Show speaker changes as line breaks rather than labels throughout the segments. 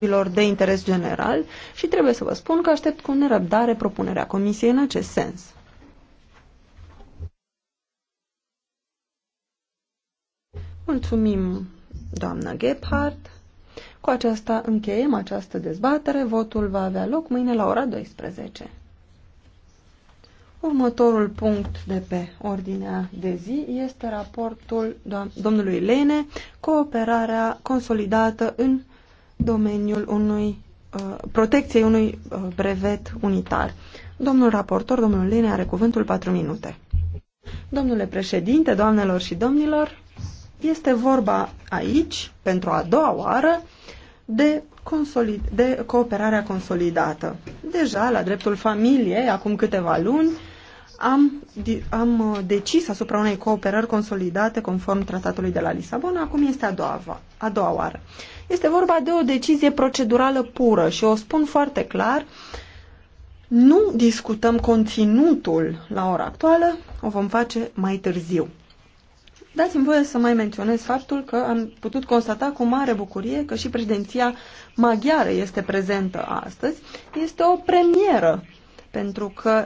lucrurilor de interes general și trebuie să vă spun că aștept cu nerăbdare propunerea Comisiei în acest sens. Mulțumim, doamna Gebhardt. Cu aceasta încheiem această dezbatere. Votul va avea loc mâine la ora 12. Următorul punct de pe ordinea de zi este raportul domnului Lene, cooperarea consolidată în domeniul unui uh, protecției unui uh, brevet unitar. Domnul raportor, domnul Lene, are cuvântul 4 minute. Domnule președinte, doamnelor și domnilor, este vorba aici, pentru a doua oară, de, consolid- de cooperarea consolidată. Deja, la dreptul familiei, acum câteva luni, am, am uh, decis asupra unei cooperări consolidate conform tratatului de la Lisabona, acum este a doua, a doua oară. Este vorba de o decizie procedurală pură și o spun foarte clar, nu discutăm conținutul la ora actuală, o vom face mai târziu. Dați-mi voie să mai menționez faptul că am putut constata cu mare bucurie că și președinția maghiară este prezentă astăzi. Este o premieră pentru că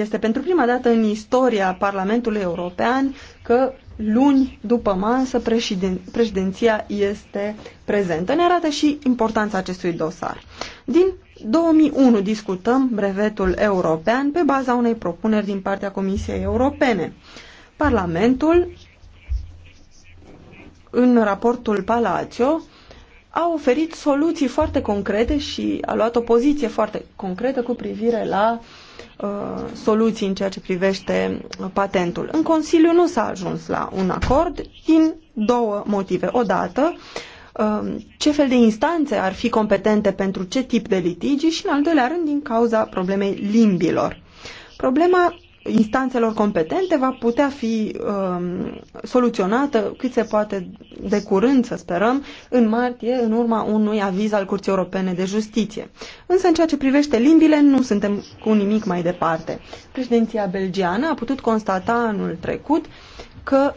este pentru prima dată în istoria Parlamentului European că luni după masă președin, președinția este prezentă. Ne arată și importanța acestui dosar. Din 2001 discutăm brevetul european pe baza unei propuneri din partea Comisiei Europene. Parlamentul, în raportul Palacio, a oferit soluții foarte concrete și a luat o poziție foarte concretă cu privire la uh, Uh, soluții în ceea ce privește patentul. În Consiliu nu s-a ajuns la un acord din două motive. Odată, uh, ce fel de instanțe ar fi competente pentru ce tip de litigi și, în al doilea rând, din cauza problemei limbilor. Problema instanțelor competente va putea fi um, soluționată cât se poate de curând, să sperăm, în martie, în urma unui aviz al Curții Europene de Justiție. Însă, în ceea ce privește limbile, nu suntem cu nimic mai departe. Președinția belgiană a putut constata anul trecut că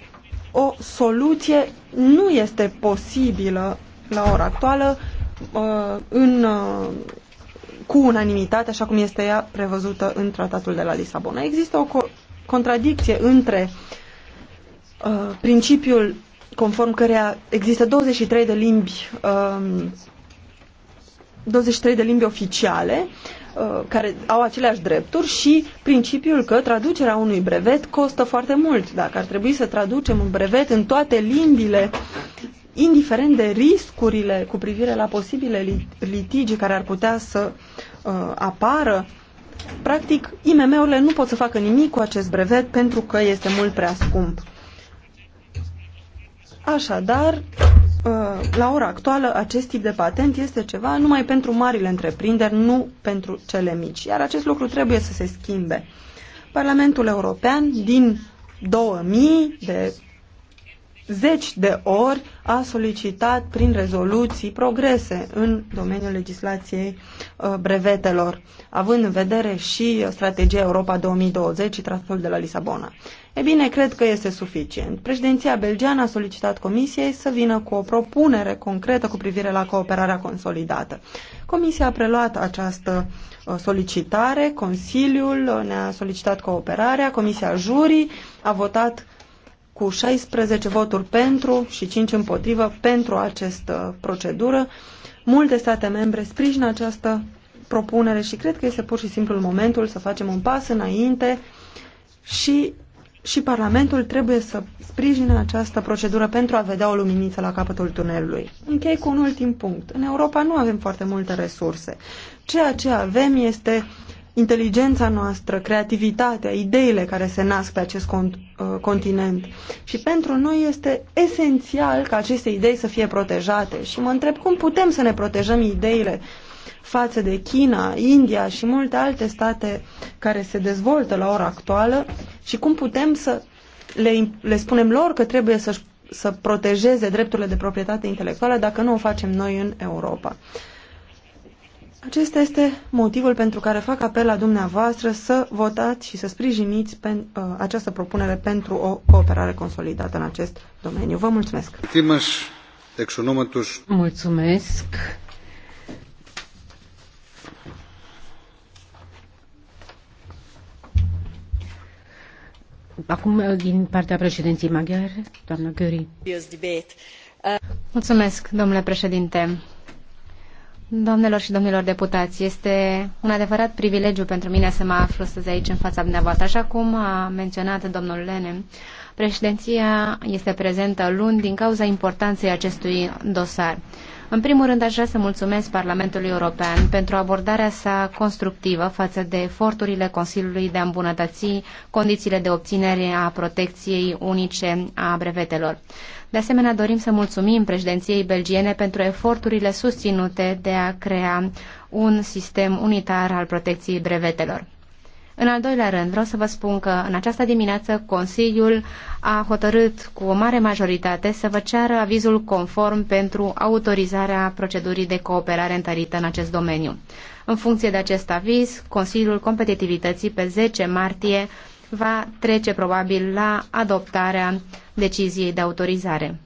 o soluție nu este posibilă la ora actuală uh, în uh, cu unanimitate, așa cum este ea prevăzută în tratatul de la Lisabona. Există o co- contradicție între uh, principiul conform căreia există 23 de limbi um, 23 de limbi oficiale uh, care au aceleași drepturi și principiul că traducerea unui brevet costă foarte mult. Dacă ar trebui să traducem un brevet în toate limbile indiferent de riscurile cu privire la posibile litigi care ar putea să uh, apară, practic IMM-urile nu pot să facă nimic cu acest brevet pentru că este mult prea scump. Așadar, uh, la ora actuală, acest tip de patent este ceva numai pentru marile întreprinderi, nu pentru cele mici. Iar acest lucru trebuie să se schimbe. Parlamentul European din 2000, de zeci de ori a solicitat prin rezoluții progrese în domeniul legislației uh, brevetelor, având în vedere și strategia Europa 2020 și tratatul de la Lisabona. E bine, cred că este suficient. Președinția belgeană a solicitat Comisiei să vină cu o propunere concretă cu privire la cooperarea consolidată. Comisia a preluat această uh, solicitare, Consiliul ne-a solicitat cooperarea, Comisia Jurii a votat cu 16 voturi pentru și 5 împotrivă pentru această procedură. Multe state membre sprijină această propunere și cred că este pur și simplu momentul să facem un pas înainte și, și Parlamentul trebuie să sprijine această procedură pentru a vedea o luminiță la capătul tunelului. Închei cu un ultim punct. În Europa nu avem foarte multe resurse. Ceea ce avem este inteligența noastră, creativitatea, ideile care se nasc pe acest uh, continent. Și pentru noi este esențial ca aceste idei să fie protejate. Și mă întreb cum putem să ne protejăm ideile față de China, India și multe alte state care se dezvoltă la ora actuală și cum putem să le, le spunem lor că trebuie să, să protejeze drepturile de proprietate intelectuală dacă nu o facem noi în Europa. Acesta este motivul pentru care fac apel la dumneavoastră să votați și să sprijiniți pen, uh, această propunere pentru o cooperare consolidată în acest domeniu. Vă mulțumesc! Mulțumesc!
Acum, uh, din partea președinției maghiare, doamna Gări.
Mulțumesc, domnule președinte. Doamnelor și domnilor deputați, este un adevărat privilegiu pentru mine să mă aflu astăzi aici în fața dumneavoastră. Așa cum a menționat domnul Lene, președinția este prezentă luni din cauza importanței acestui dosar. În primul rând, aș vrea să mulțumesc Parlamentului European pentru abordarea sa constructivă față de eforturile Consiliului de a îmbunătăți condițiile de obținere a protecției unice a brevetelor. De asemenea, dorim să mulțumim președinției belgiene pentru eforturile susținute de a crea un sistem unitar al protecției brevetelor. În al doilea rând, vreau să vă spun că în această dimineață Consiliul a hotărât cu o mare majoritate să vă ceară avizul conform pentru autorizarea procedurii de cooperare întărită în acest domeniu. În funcție de acest aviz, Consiliul Competitivității pe 10 martie va trece probabil la adoptarea deciziei de autorizare.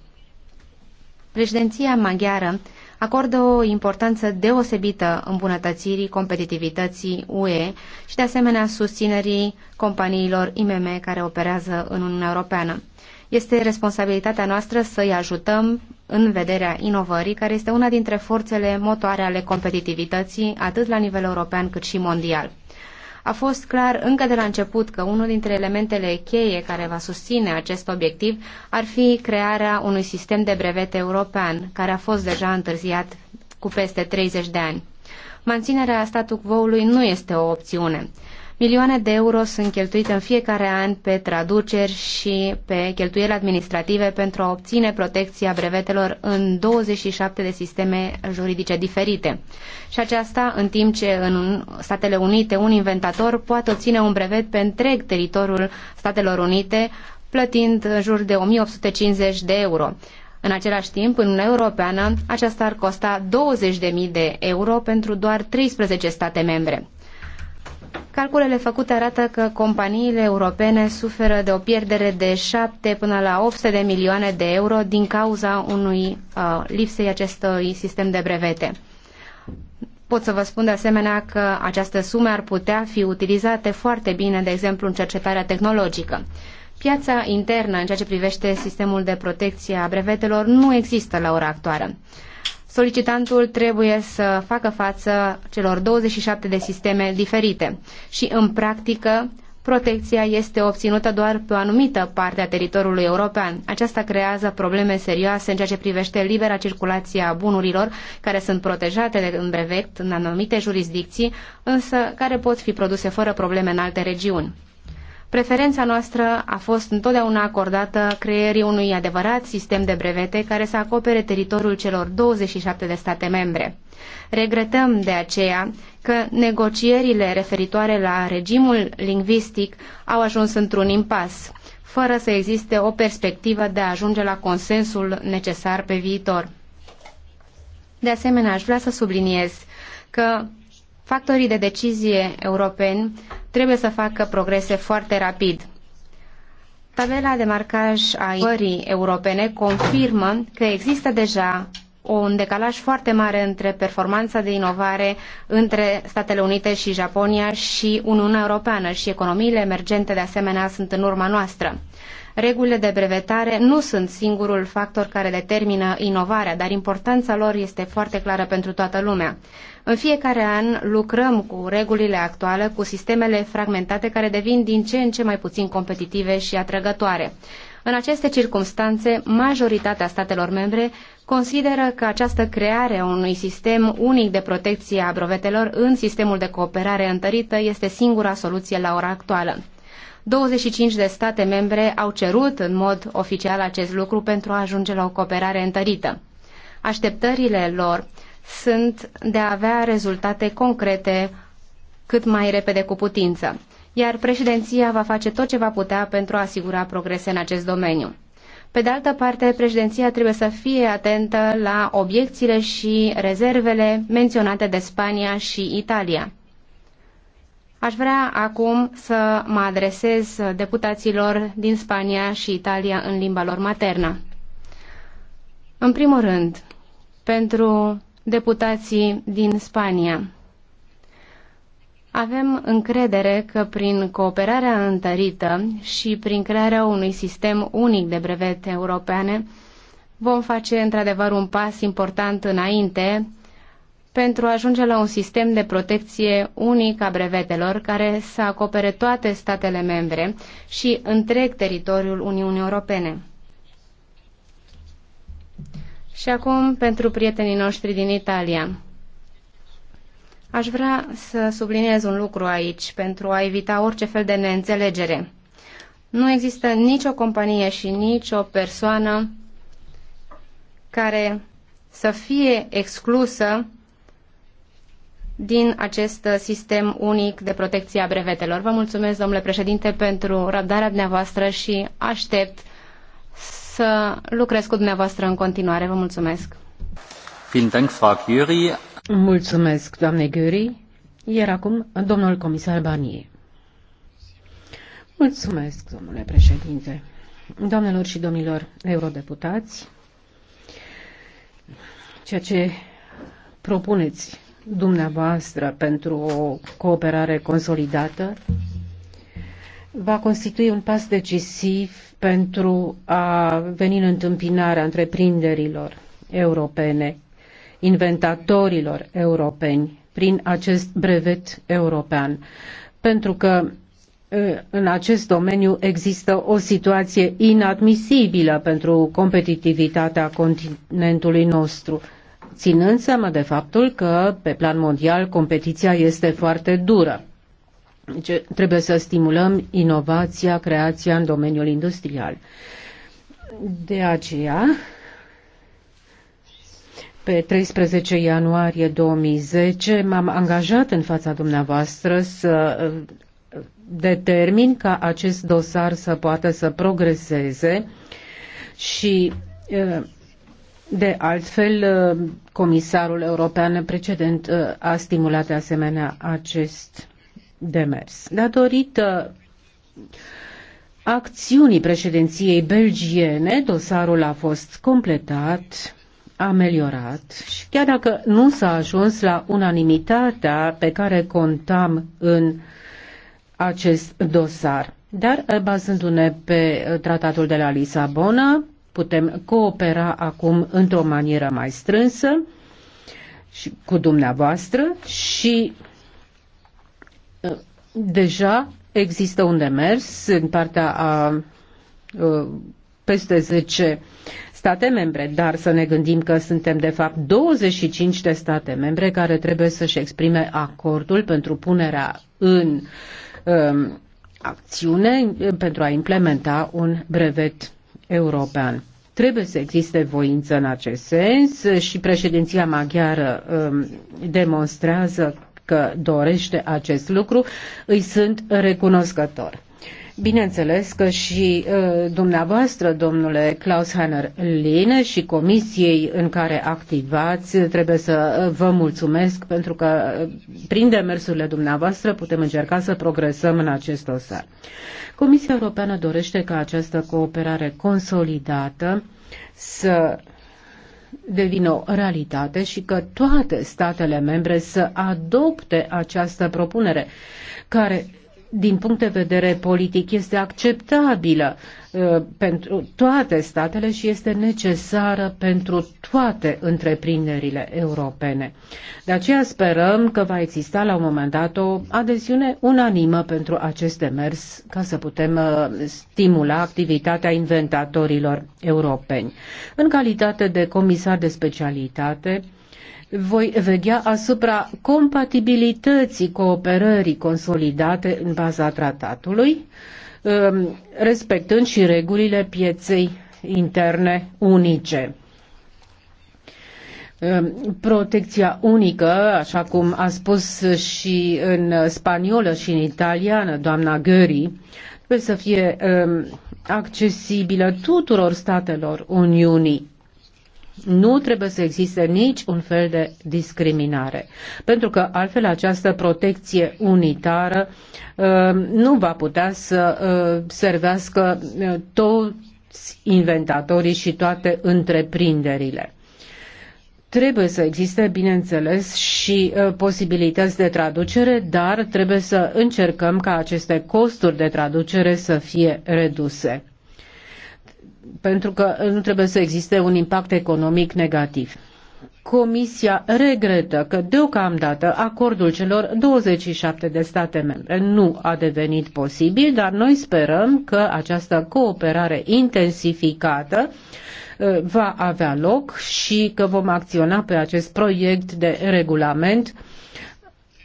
Președinția maghiară acordă o importanță deosebită îmbunătățirii competitivității UE și de asemenea susținerii companiilor IMM care operează în Uniunea Europeană. Este responsabilitatea noastră să îi ajutăm în vederea inovării, care este una dintre forțele motoare ale competitivității, atât la nivel european cât și mondial. A fost clar încă de la început că unul dintre elementele cheie care va susține acest obiectiv ar fi crearea unui sistem de brevete european, care a fost deja întârziat cu peste 30 de ani. Manținerea statu quo-ului nu este o opțiune. Milioane de euro sunt cheltuite în fiecare an pe traduceri și pe cheltuieli administrative pentru a obține protecția brevetelor în 27 de sisteme juridice diferite. Și aceasta în timp ce în Statele Unite un inventator poate obține un brevet pe întreg teritoriul Statelor Unite plătind în jur de 1850 de euro. În același timp, în Uniunea Europeană, aceasta ar costa 20.000 de euro pentru doar 13 state membre. Calculele făcute arată că companiile europene suferă de o pierdere de 7 până la 800 de milioane de euro din cauza unui uh, lipsei acestui sistem de brevete. Pot să vă spun de asemenea că această sumă ar putea fi utilizate foarte bine, de exemplu, în cercetarea tehnologică. Piața internă în ceea ce privește sistemul de protecție a brevetelor nu există la ora actuală solicitantul trebuie să facă față celor 27 de sisteme diferite și, în practică, protecția este obținută doar pe o anumită parte a teritoriului european. Aceasta creează probleme serioase în ceea ce privește libera circulație a bunurilor care sunt protejate de brevet în anumite jurisdicții, însă care pot fi produse fără probleme în alte regiuni. Preferența noastră a fost întotdeauna acordată creierii unui adevărat sistem de brevete care să acopere teritoriul celor 27 de state membre. Regretăm de aceea că negocierile referitoare la regimul lingvistic au ajuns într-un impas, fără să existe o perspectivă de a ajunge la consensul necesar pe viitor. De asemenea, aș vrea să subliniez că Factorii de decizie europeni trebuie să facă progrese foarte rapid. Tabela de marcaj a inovării europene confirmă că există deja un decalaj foarte mare între performanța de inovare între Statele Unite și Japonia și Uniunea Europeană și economiile emergente de asemenea sunt în urma noastră. Regulile de brevetare nu sunt singurul factor care determină inovarea, dar importanța lor este foarte clară pentru toată lumea. În fiecare an lucrăm cu regulile actuale, cu sistemele fragmentate care devin din ce în ce mai puțin competitive și atrăgătoare. În aceste circunstanțe, majoritatea statelor membre consideră că această creare a unui sistem unic de protecție a brevetelor în sistemul de cooperare întărită este singura soluție la ora actuală. 25 de state membre au cerut în mod oficial acest lucru pentru a ajunge la o cooperare întărită. Așteptările lor sunt de a avea rezultate concrete cât mai repede cu putință, iar președinția va face tot ce va putea pentru a asigura progrese în acest domeniu. Pe de altă parte, președinția trebuie să fie atentă la obiecțiile și rezervele menționate de Spania și Italia. Aș vrea acum să mă adresez deputaților din Spania și Italia în limba lor maternă. În primul rând, pentru deputații din Spania. Avem încredere că prin cooperarea întărită și prin crearea unui sistem unic de brevete europene vom face într-adevăr un pas important înainte pentru a ajunge la un sistem de protecție unic a brevetelor care să acopere toate statele membre și întreg teritoriul Uniunii Europene. Și acum pentru prietenii noștri din Italia. Aș vrea să subliniez un lucru aici pentru a evita orice fel de neînțelegere. Nu există nicio companie și nicio persoană care să fie exclusă din acest sistem unic de protecție a brevetelor. Vă mulțumesc, domnule președinte, pentru răbdarea dumneavoastră și aștept să lucrez cu dumneavoastră în continuare. Vă mulțumesc. Mulțumesc, doamne Guri. Iar acum, domnul comisar Barnier.
Mulțumesc, domnule președinte. Doamnelor și domnilor eurodeputați, ceea ce propuneți dumneavoastră pentru o cooperare consolidată va constitui un pas decisiv pentru a veni în întâmpinarea întreprinderilor europene, inventatorilor europeni, prin acest brevet european. Pentru că ă, în acest domeniu există o situație inadmisibilă pentru competitivitatea continentului nostru, ținând seama de faptul că, pe plan mondial, competiția este foarte dură. Deci, trebuie să stimulăm inovația, creația în domeniul industrial. De aceea, pe 13 ianuarie 2010 m-am angajat în fața dumneavoastră să determin ca acest dosar să poată să progreseze și de altfel comisarul european precedent a stimulat de asemenea acest de mers. Datorită acțiunii președinției belgiene, dosarul a fost completat, ameliorat și chiar dacă nu s-a ajuns la unanimitatea pe care contam în acest dosar. Dar, bazându-ne pe tratatul de la Lisabona, putem coopera acum într-o manieră mai strânsă și cu dumneavoastră și deja există un demers în partea a ă, peste 10 state membre, dar să ne gândim că suntem de fapt 25 de state membre care trebuie să-și exprime acordul pentru punerea în um, acțiune pentru a implementa un brevet european. Trebuie să existe voință în acest sens și președinția maghiară um, demonstrează că dorește acest lucru, îi sunt recunoscător. Bineînțeles că și uh, dumneavoastră, domnule Klaus Hanner Line și comisiei în care activați, trebuie să uh, vă mulțumesc pentru că uh, prin demersurile dumneavoastră putem încerca să progresăm în acest dosar. Comisia Europeană dorește ca această cooperare consolidată să devină o realitate și că toate statele membre să adopte această propunere, care din punct de vedere politic este acceptabilă uh, pentru toate statele și este necesară pentru toate întreprinderile europene. De aceea sperăm că va exista la un moment dat o adeziune unanimă pentru acest demers ca să putem uh, stimula activitatea inventatorilor europeni. În calitate de comisar de specialitate, voi vedea asupra compatibilității cooperării consolidate în baza tratatului, um, respectând și regulile pieței interne unice. Um, protecția unică, așa cum a spus și în spaniolă și în italiană doamna Gării, trebuie să fie um, accesibilă tuturor statelor Uniunii nu trebuie să existe nici un fel de discriminare, pentru că altfel această protecție unitară uh, nu va putea să uh, servească uh, toți inventatorii și toate întreprinderile. Trebuie să existe, bineînțeles, și uh, posibilități de traducere, dar trebuie să încercăm ca aceste costuri de traducere să fie reduse pentru că nu trebuie să existe un impact economic negativ. Comisia regretă că deocamdată acordul celor 27 de state membre nu a devenit posibil, dar noi sperăm că această cooperare intensificată uh, va avea loc și că vom acționa pe acest proiect de regulament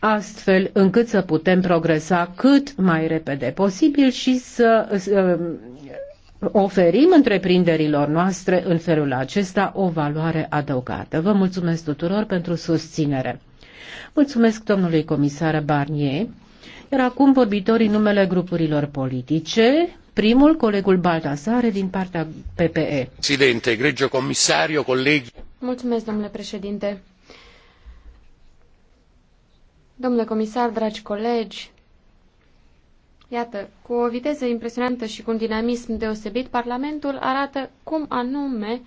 astfel încât să putem progresa cât mai repede posibil și să, să uh, oferim întreprinderilor noastre în felul acesta o valoare adăugată. Vă mulțumesc tuturor pentru susținere. Mulțumesc domnului comisar Barnier. Iar acum vorbitorii numele grupurilor politice. Primul, colegul Baltasare din partea PPE.
Presidente, egregio comisario, colegi.
Mulțumesc, domnule președinte. Domnule comisar, dragi colegi, Iată, cu o viteză impresionantă și cu un dinamism deosebit, Parlamentul arată cum anume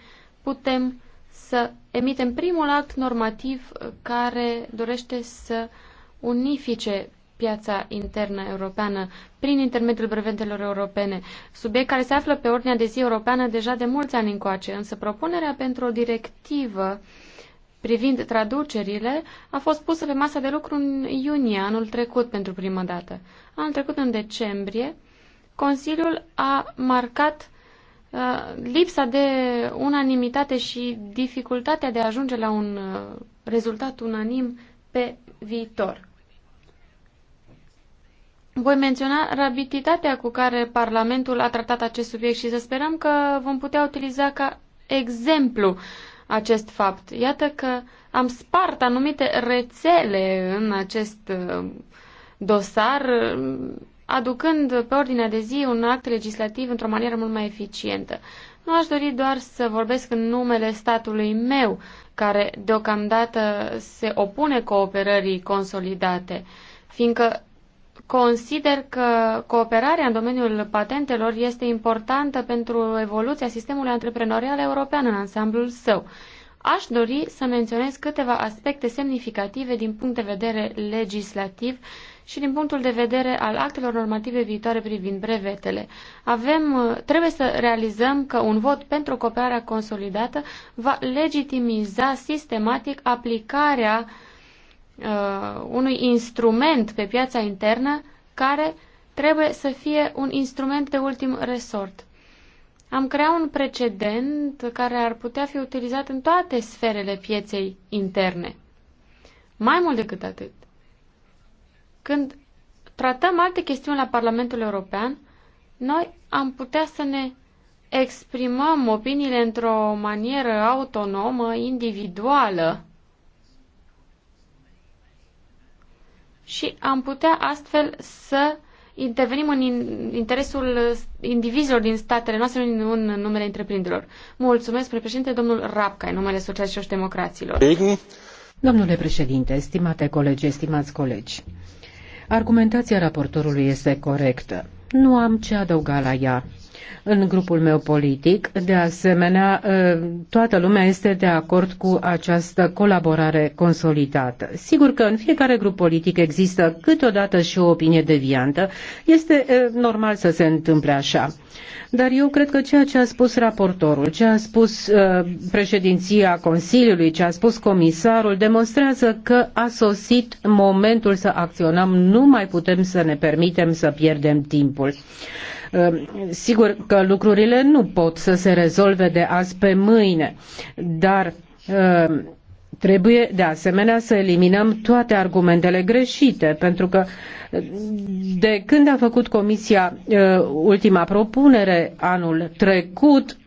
putem să emitem primul act normativ uh, care dorește să unifice piața internă europeană prin intermediul brevetelor europene, subiect care se află pe ordinea de zi europeană deja de mulți ani încoace, însă propunerea pentru o directivă privind traducerile a fost pusă pe masa de lucru în iunie anul trecut pentru prima dată. Anul trecut, în decembrie, Consiliul a marcat uh, lipsa de unanimitate și dificultatea de a ajunge la un uh, rezultat unanim pe viitor. Voi menționa rapiditatea cu care Parlamentul a tratat acest subiect și să sperăm că vom putea utiliza ca exemplu uh, acest fapt. Iată că am spart anumite rețele în acest uh, dosar, uh, aducând pe ordinea de zi un act legislativ într-o manieră mult mai eficientă. Nu aș dori doar să vorbesc în numele statului meu, care deocamdată se opune cooperării consolidate, fiindcă Consider că cooperarea în domeniul patentelor este importantă pentru evoluția sistemului antreprenorial european în ansamblul său. Aș dori să menționez câteva aspecte semnificative din punct de vedere legislativ și din punctul de vedere al actelor normative viitoare privind brevetele. Avem, trebuie să realizăm că un vot pentru cooperarea consolidată va legitimiza sistematic aplicarea uh, uh, unui instrument pe piața internă care trebuie să fie un instrument de ultim resort. Am creat un precedent care ar putea fi utilizat în toate sferele pieței interne. Mai mult decât atât, când tratăm alte chestiuni la Parlamentul European, noi am putea să ne exprimăm opiniile într-o manieră autonomă, individuală, și am putea astfel să intervenim în interesul indivizilor din statele noastre, în numele întreprinderilor. Mulțumesc, președinte, domnul Rapca, în numele Societății și Democraților.
Domnule președinte, stimate colegi, stimați colegi, argumentația raportorului este corectă. Nu am ce adăuga la ea în grupul meu politic. De asemenea, toată lumea este de acord cu această colaborare consolidată. Sigur că în fiecare grup politic există câteodată și o opinie deviantă. Este normal să se întâmple așa. Dar eu cred că ceea ce a spus raportorul, ce a spus președinția Consiliului, ce a spus comisarul, demonstrează că a sosit momentul să acționăm. Nu mai putem să ne permitem să pierdem timpul. Ehm, sigur că lucrurile nu pot să se rezolve de azi pe mâine, dar ehm, Trebuie de asemenea să eliminăm toate argumentele greșite, pentru că ehm, de când a făcut Comisia ultima propunere anul trecut,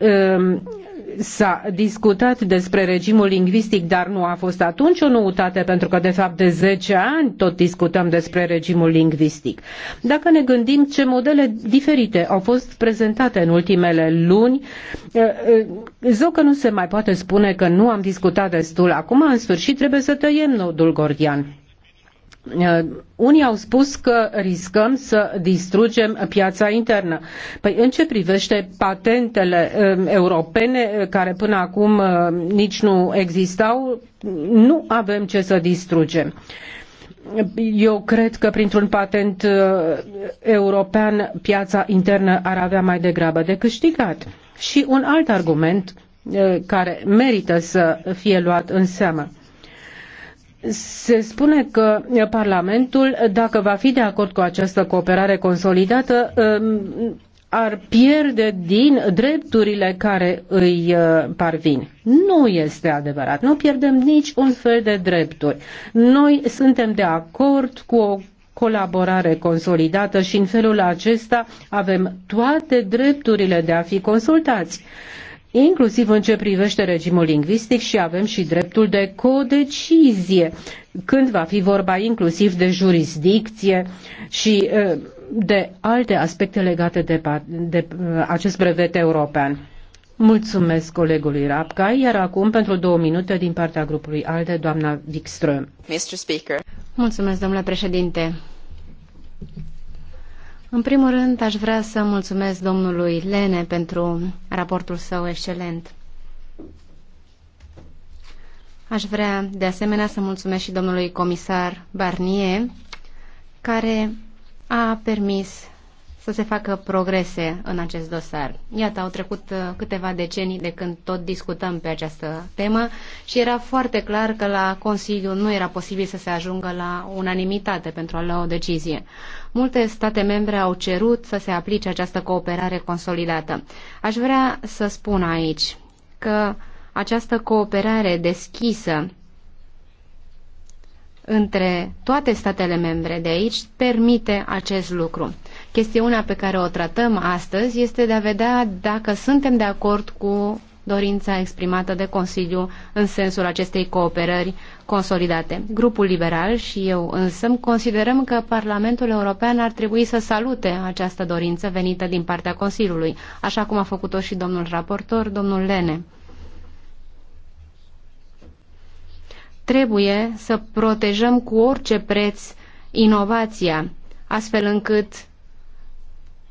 s-a discutat despre regimul lingvistic, dar nu a fost atunci o noutate, pentru că de fapt de 10 ani tot discutăm despre regimul lingvistic. Dacă ne gândim ce modele diferite au fost prezentate în ultimele luni, eh, eh, zău că nu se mai poate spune că nu am discutat destul. Acum, în sfârșit, trebuie să tăiem nodul gordian. Uh, unii au spus că riscăm să distrugem piața internă. Păi în ce privește patentele uh, europene uh, care până acum nici nu existau, nu avem ce să distrugem. Eu cred că printr-un patent european piața internă ar avea mai degrabă de câștigat. Și un alt argument care merită să fie luat în seamă se spune că uh, Parlamentul, dacă va fi de acord cu această cooperare consolidată, um, ar pierde din drepturile care îi uh, parvin. Nu este adevărat. Nu pierdem nici un fel de drepturi. Noi suntem de acord cu o colaborare consolidată și în felul acesta avem toate drepturile de a fi consultați inclusiv în ce privește regimul lingvistic și avem și dreptul de codecizie, când va fi vorba inclusiv de jurisdicție și de alte aspecte legate de, de acest brevet european. Mulțumesc colegului Rapca, iar acum pentru două minute din partea grupului ALDE, doamna Wikström.
Mr. Speaker. Mulțumesc, domnule președinte. În primul rând, aș vrea să mulțumesc domnului Lene pentru raportul său excelent. Aș vrea, de asemenea, să mulțumesc și domnului comisar Barnier, care a permis să se facă progrese în acest dosar. Iată, au trecut uh, câteva decenii de când tot discutăm pe această temă și era foarte clar că la Consiliu nu era posibil să se ajungă la unanimitate pentru a lua o decizie. Multe state membre au cerut să se aplice această cooperare consolidată. Aș vrea să spun aici că această cooperare deschisă între toate statele membre de aici permite acest lucru. Chestiunea pe care o tratăm astăzi este de a vedea dacă suntem de acord cu dorința exprimată de Consiliu în sensul acestei cooperări consolidate. Grupul liberal și eu însă considerăm că Parlamentul European ar trebui să salute această dorință venită din partea Consiliului, așa cum a făcut-o și domnul raportor, domnul Lene. Trebuie să protejăm cu orice preț inovația, astfel încât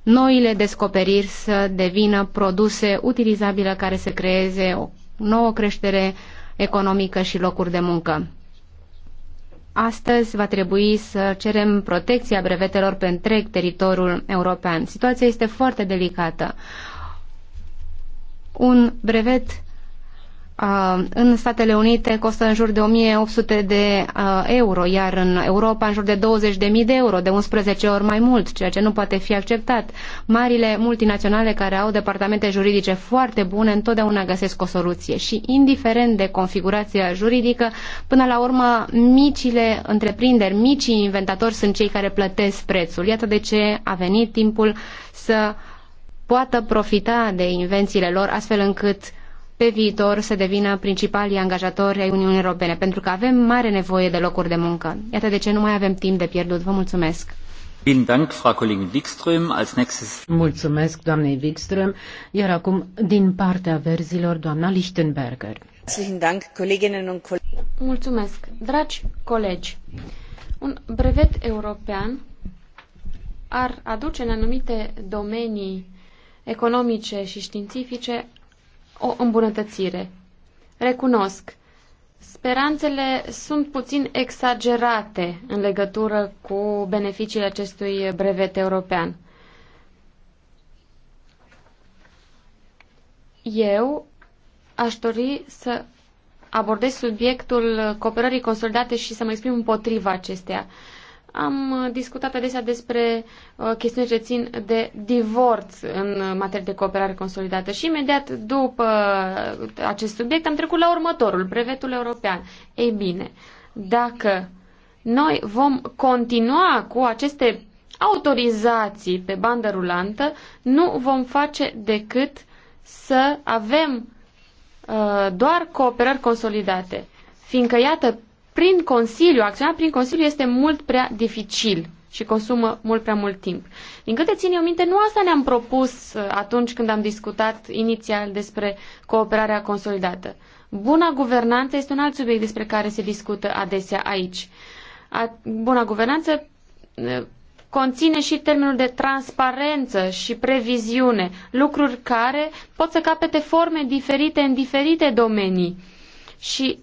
noile descoperiri să devină produse utilizabile care să creeze o nouă creștere economică și locuri de muncă. Astăzi va trebui să cerem protecția brevetelor pe întreg teritoriul european. Situația este foarte delicată. Un brevet în Statele Unite costă în jur de 1800 de euro, iar în Europa în jur de 20.000 de euro, de 11 ori mai mult, ceea ce nu poate fi acceptat. Marile multinaționale care au departamente juridice foarte bune întotdeauna găsesc o soluție și indiferent de configurația juridică, până la urmă micile întreprinderi, micii inventatori sunt cei care plătesc prețul. Iată de ce a venit timpul să poată profita de invențiile lor astfel încât pe viitor să devină principalii angajatori ai Uniunii Europene, pentru că avem mare nevoie de locuri de muncă. Iată de ce nu mai avem timp de pierdut. Vă mulțumesc!
Mulțumesc, doamnei Wikström, iar acum din partea verzilor, doamna Lichtenberger.
Mulțumesc, dragi colegi. Un brevet european ar aduce în anumite domenii economice și științifice o îmbunătățire. Recunosc, speranțele sunt puțin exagerate în legătură cu beneficiile acestui brevet european. Eu aș dori să abordez subiectul cooperării consolidate și să mă exprim împotriva acesteia. Uh, am uh, discutat adesea despre uh, chestiuni ce țin de divorț în materie de cooperare consolidată și imediat după uh, acest subiect am trecut la următorul, brevetul european. Ei bine, dacă noi vom continua cu aceste autorizații pe bandă rulantă, nu vom face decât să avem uh, doar cooperări consolidate. Fiindcă, iată, prin Consiliu, acționat prin Consiliu este mult prea dificil și consumă mult prea mult timp. Din câte țin eu minte, nu asta ne-am propus uh, atunci când am discutat inițial despre cooperarea consolidată. Buna guvernanță este un alt subiect despre care se discută adesea aici. A, buna guvernanță uh, conține și termenul de transparență și previziune, lucruri care pot să capete forme diferite în diferite domenii. Și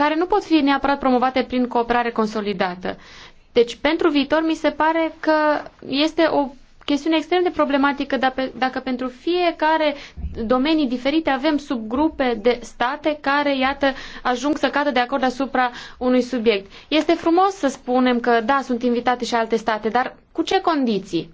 care nu pot fi neapărat promovate prin cooperare consolidată. Deci, pentru viitor, mi se pare că este o chestiune extrem de problematică dacă pentru fiecare domenii diferite avem subgrupe de state care, iată, ajung să cadă de acord asupra unui subiect. Este frumos să spunem că, da, sunt invitate și alte state, dar cu ce condiții?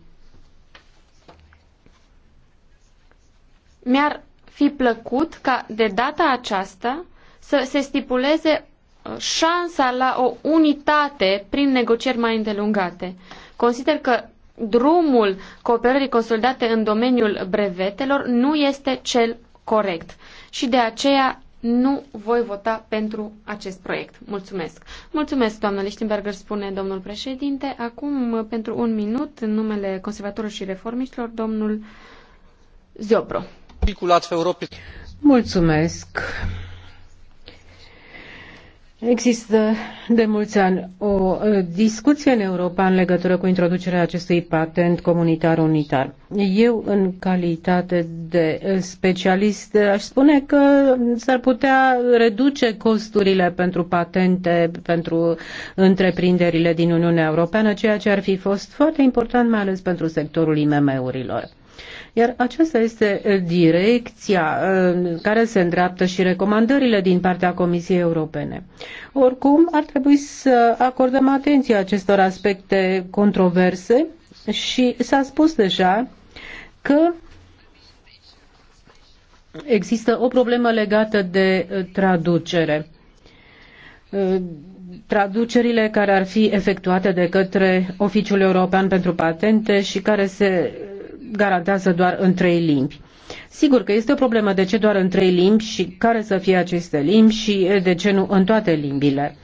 Mi-ar fi plăcut ca de data aceasta să se stipuleze uh, șansa la o unitate prin negocieri mai îndelungate. Consider că drumul cooperării consolidate în domeniul brevetelor nu este cel corect și de aceea nu voi vota pentru acest proiect. Mulțumesc. Mulțumesc, doamnă Lichtenberger, spune domnul președinte. Acum, pentru un minut, în numele conservatorilor și reformiștilor, domnul Ziobro.
Mulțumesc. Există de mulți ani o discuție în Europa în legătură cu introducerea acestui patent comunitar unitar. Eu, în calitate de specialist, aș spune că s-ar putea reduce costurile pentru patente, pentru întreprinderile din Uniunea Europeană, ceea ce ar fi fost foarte important, mai ales pentru sectorul IMM-urilor. Iar aceasta este direcția care se îndreaptă și recomandările din partea Comisiei Europene. Oricum, ar trebui să acordăm atenție acestor aspecte controverse și s-a spus deja că există o problemă legată de traducere traducerile care ar fi efectuate de către Oficiul European pentru Patente și care se garantează doar în trei limbi. Sigur că este o problemă de ce doar în trei limbi și care să fie aceste limbi și de ce nu în toate limbile.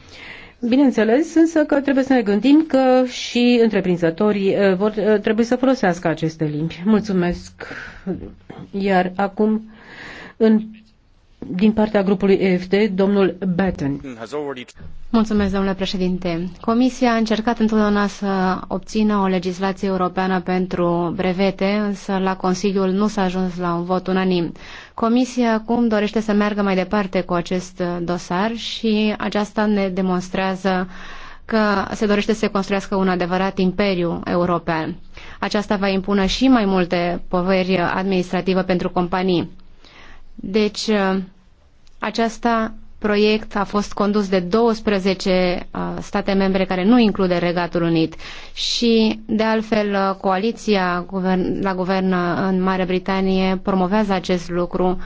Bineînțeles, însă că trebuie să ne gândim că și întreprinzătorii eh, vor eh, trebui să folosească aceste limbi. Mulțumesc. Iar acum, în din
partea grupului EFT, domnul Batten. Mulțumesc, domnule președinte. Comisia a încercat întotdeauna să obțină o legislație europeană pentru brevete, însă la Consiliul nu s-a ajuns la un vot unanim. Comisia acum dorește să meargă mai departe cu acest dosar și aceasta ne demonstrează că se dorește să se construiască un adevărat imperiu european. Aceasta va impune și mai multe poveri administrative pentru companii. Deci, aceasta proiect a fost condus de 12 uh, state membre care nu include Regatul Unit și, de altfel, uh, coaliția la guvern uh, în Marea Britanie promovează acest lucru,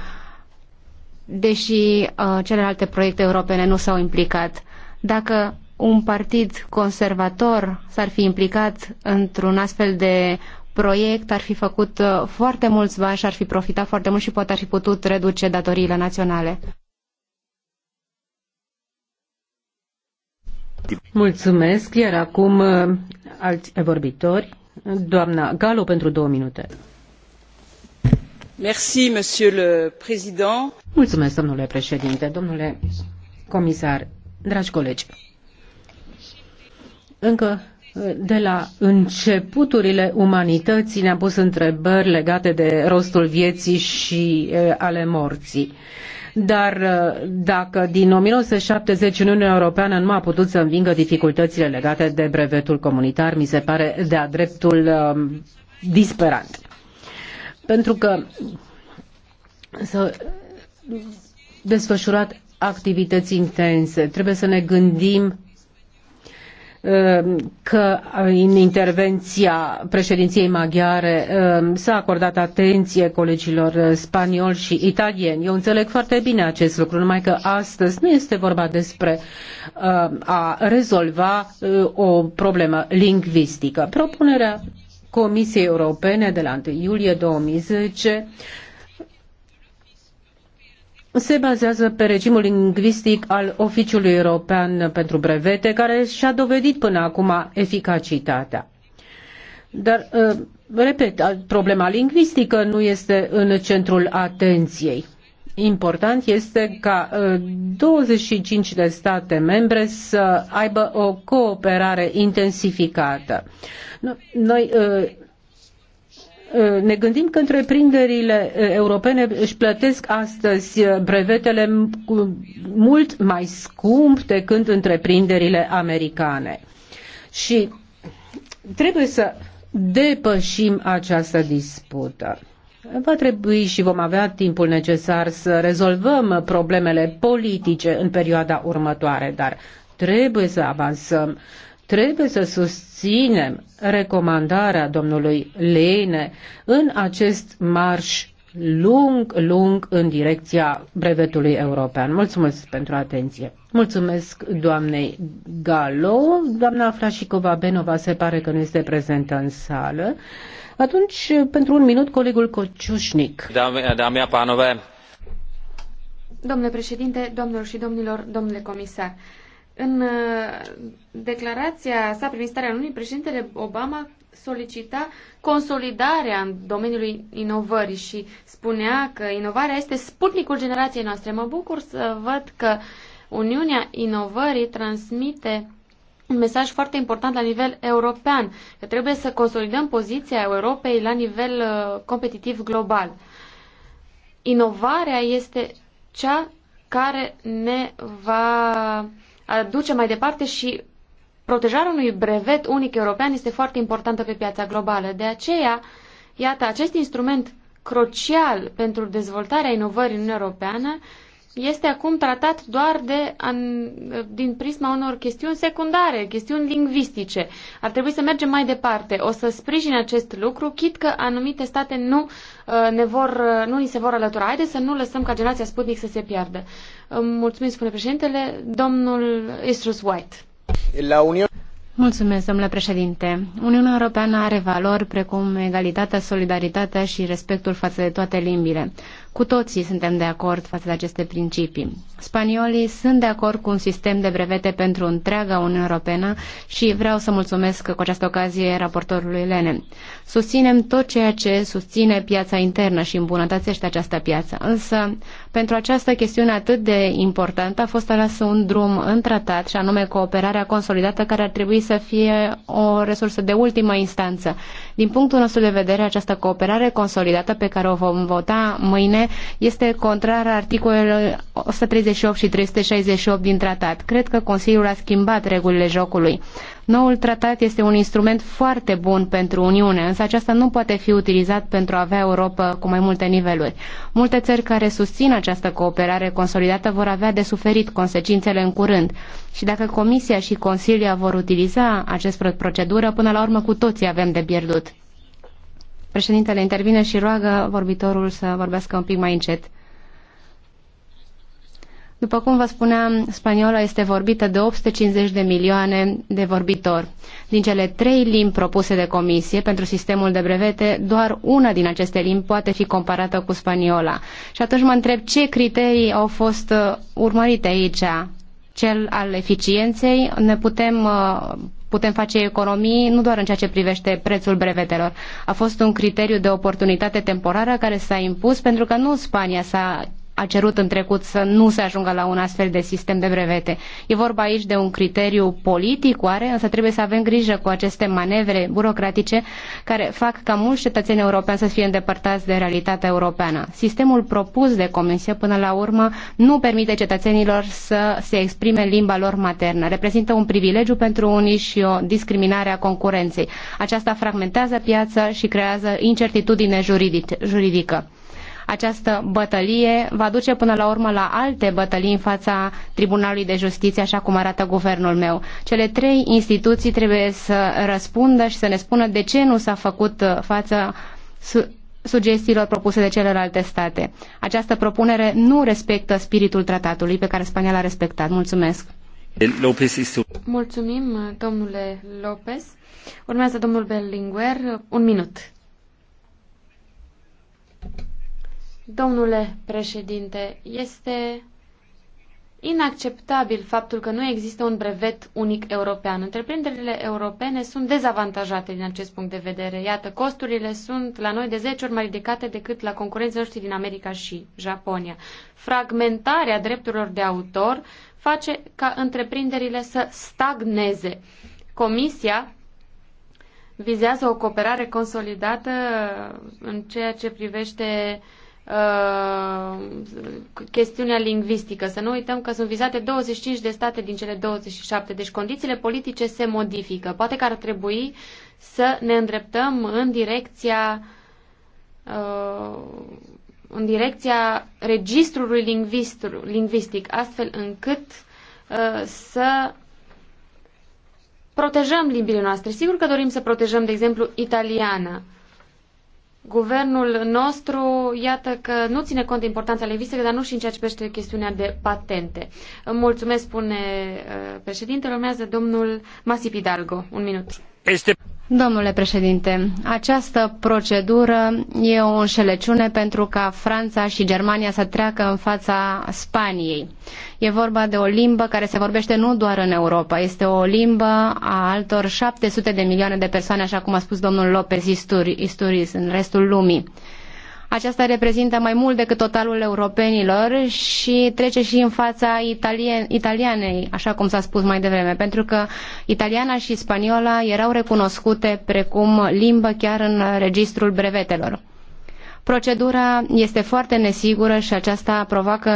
deși celelalte proiecte europene nu s-au implicat. Dacă un partid conservator s-ar fi implicat într-un astfel de proiect, ar fi făcut foarte mulți bani și ar fi profitat foarte mult și poate ar fi putut reduce datoriile naționale.
Mulțumesc, iar acum uh, alți vorbitori. Doamna Galo pentru două minute. Merci, monsieur le président. Mulțumesc, domnule președinte, domnule comisar, dragi colegi. Încă uh, de la începuturile umanității ne-am pus întrebări legate de rostul vieții și uh, ale morții. Dar uh, dacă din 1970 Uniunea Europeană nu a putut să învingă dificultățile legate de brevetul comunitar, mi se pare de-a dreptul disperat. Uh, disperant. Pentru că s-au desfășurat activități intense. Trebuie să ne gândim Ehm, că uh, în intervenția președinției maghiare ehm, s-a acordat atenție colegilor uh, spanioli și italieni. Eu înțeleg foarte bine acest lucru, numai că astăzi nu este vorba despre ehm, a rezolva uh, o problemă lingvistică. Propunerea Comisiei Europene de la 1 iulie 2010 se bazează pe regimul lingvistic al Oficiului European pentru Brevete, care și-a dovedit până acum eficacitatea. Dar, ă, repet, problema lingvistică nu este în centrul atenției. Important este ca 25 ă, de state membre să aibă o cooperare intensificată. Noi ă, Ă, ne gândim că întreprinderile ă, europene își plătesc astăzi ă, brevetele mult mai scump decât întreprinderile americane. Și trebuie să depășim această dispută. Va trebui și vom avea timpul necesar să rezolvăm problemele politice în perioada următoare, dar trebuie să avansăm Trebuie să susținem recomandarea domnului Leine în acest marș lung, lung în direcția brevetului european. Mulțumesc pentru atenție. Mulțumesc doamnei Galo. Doamna Frașicova Benova se pare că nu este prezentă în sală. Atunci, pentru un minut, colegul Cociușnic. Dame, panove.
Domnule președinte, domnilor și domnilor, domnule comisar, în uh, declarația sa privind starea lunii, președintele Obama solicita consolidarea în domeniul inovării și spunea că inovarea este sputnicul generației noastre. Mă bucur să văd că Uniunea Inovării transmite un mesaj foarte important la nivel european, că trebuie să consolidăm poziția Europei la nivel uh, competitiv global. Inovarea este cea care ne va aduce mai departe și protejarea unui brevet unic european este foarte importantă pe piața globală. De aceea, iată, acest instrument crucial pentru dezvoltarea inovării în Uniunea Europeană este acum tratat doar de, an, din prisma unor chestiuni secundare, chestiuni lingvistice. Ar trebui să mergem mai departe. O să sprijin acest lucru, chit că anumite state nu, uh, ne vor, uh, nu ni se vor alătura. Haideți să nu lăsăm ca generația Sputnik să se piardă. Mulțumim, spune președintele, domnul Istrus White.
La Uniune...
Mulțumesc, domnule președinte. Uniunea Europeană are valori precum egalitatea, solidaritatea și respectul față de toate limbile. Cu toții suntem de acord față de aceste principii. Spaniolii sunt de acord cu un sistem de brevete pentru întreaga Uniune Europeană și vreau să mulțumesc cu această ocazie raportorului Lene. Susținem tot ceea ce susține piața internă și îmbunătățește această piață, însă pentru această chestiune atât de importantă a fost ales un drum în tratat și anume cooperarea consolidată care ar trebui să fie o resursă de ultimă instanță. Din punctul nostru de vedere, această cooperare consolidată pe care o vom vota mâine este contrară articolelor 138 și 368 din tratat. Cred că Consiliul a schimbat regulile jocului. Noul tratat este un instrument foarte bun pentru Uniune, însă aceasta nu poate fi utilizat pentru a avea Europa cu mai multe niveluri. Multe țări care susțin această cooperare consolidată vor avea de suferit consecințele în curând. Și dacă Comisia și Consilia vor utiliza acest procedură, până la urmă cu toții avem de pierdut. Președintele intervine și roagă vorbitorul să vorbească un pic mai încet. După cum vă spuneam, spaniola este vorbită de 850 de milioane de vorbitori. Din cele trei limbi propuse de comisie pentru sistemul de brevete, doar una din aceste limbi poate fi comparată cu spaniola. Și atunci mă întreb ce criterii au fost uh, urmărite aici. Cel al eficienței, ne putem, uh, putem face economii nu doar în ceea ce privește prețul brevetelor. A fost un criteriu de oportunitate temporară care s-a impus pentru că nu Spania s-a a cerut în trecut să nu se ajungă la un astfel de sistem de brevete. E vorba aici de un criteriu politic, oare, însă trebuie să avem grijă cu aceste manevre burocratice care fac ca mulți cetățeni europeni să fie îndepărtați de realitatea europeană. Sistemul propus de Comisie până la urmă nu permite cetățenilor să se exprime în limba lor maternă. Reprezintă un privilegiu pentru unii și o discriminare a concurenței. Aceasta fragmentează piața și creează incertitudine juridică. Această bătălie va duce până la urmă la alte bătălii în fața Tribunalului de Justiție, așa cum arată guvernul meu. Cele trei instituții trebuie să răspundă și să ne spună de ce nu s-a făcut uh, față sugestiilor propuse de celelalte state. Această propunere nu respectă spiritul tratatului pe care Spania l-a respectat. Mulțumesc!
Mulțumim, domnule Lopez. Urmează domnul Berlinguer. Un minut. Domnule președinte, este inacceptabil faptul că nu există un brevet unic european. Întreprinderile europene sunt dezavantajate din acest punct de vedere. Iată, costurile sunt la noi de 10 ori mai ridicate decât la concurenții noștri din America și Japonia. Fragmentarea drepturilor de autor face ca întreprinderile să stagneze. Comisia vizează o cooperare consolidată în ceea ce privește uh, Uh, chestiunea lingvistică. Să nu uităm că sunt vizate 25 de state din cele 27, deci condițiile politice se modifică. Poate că ar trebui să ne îndreptăm în direcția uh, în direcția registrului lingvistic, astfel încât uh, să protejăm limbile noastre. Sigur că dorim să protejăm, de exemplu, italiana, Guvernul nostru, iată că nu ține cont de importanța ale dar nu și în ceea ce privește chestiunea de patente. Mulțumesc, spune uh, președintele. Urmează domnul Masip Hidalgo. Un minut
este... Domnule președinte, această procedură e o înșelăciune pentru ca Franța și Germania să treacă în fața Spaniei. E vorba de o limbă care se vorbește nu doar în Europa, este o limbă a altor 700 de milioane de persoane, așa cum a spus domnul Lopez Isturiz, în restul lumii. Aceasta reprezintă mai mult decât totalul europenilor și trece și în fața italien, italianei, așa cum s-a spus mai devreme, pentru că italiana și spaniola erau recunoscute precum limbă chiar în registrul brevetelor. Procedura este foarte nesigură și aceasta provoacă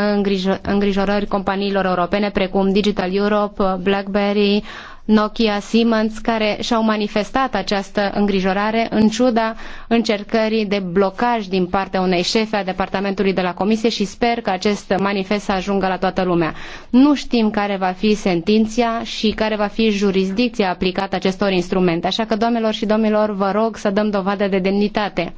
îngrijorări companiilor europene precum Digital Europe, BlackBerry, Nokia, Siemens, care și-au manifestat această îngrijorare în ciuda încercării de blocaj din partea unei șefe a departamentului de la comisie și sper că acest manifest să ajungă la toată lumea. Nu știm care va fi sentinția și care va fi jurisdicția aplicată acestor instrumente, așa că, doamnelor și domnilor, vă rog să dăm dovadă de demnitate.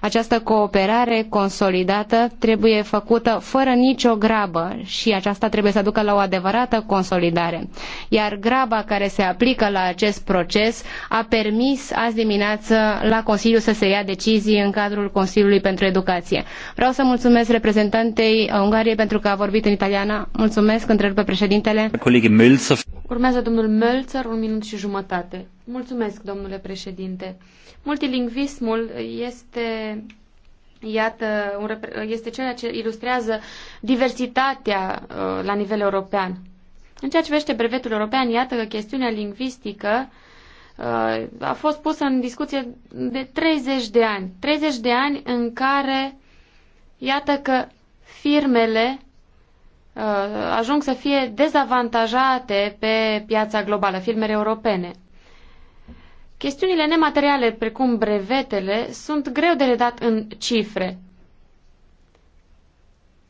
Această cooperare consolidată trebuie făcută fără nicio grabă și aceasta trebuie să ducă la o adevărată consolidare. Iar graba care se aplică la acest proces a permis azi dimineață la Consiliu să se ia decizii în cadrul Consiliului pentru Educație. Vreau să mulțumesc reprezentantei Ungariei pentru că a vorbit în italiană. Mulțumesc, întrerupe președintele.
Colegii Urmează domnul Mölzer, un minut și jumătate. Mulțumesc, domnule președinte. Multilingvismul este, iată, un, este ceea ce ilustrează diversitatea uh, la nivel european. În ceea ce privește brevetul european, iată că chestiunea lingvistică uh, a fost pusă în discuție de 30 de ani. 30 de ani în care, iată că firmele Uh, ajung să fie dezavantajate pe piața globală, filmele europene. Chestiunile nemateriale, precum brevetele, sunt greu de redat în cifre.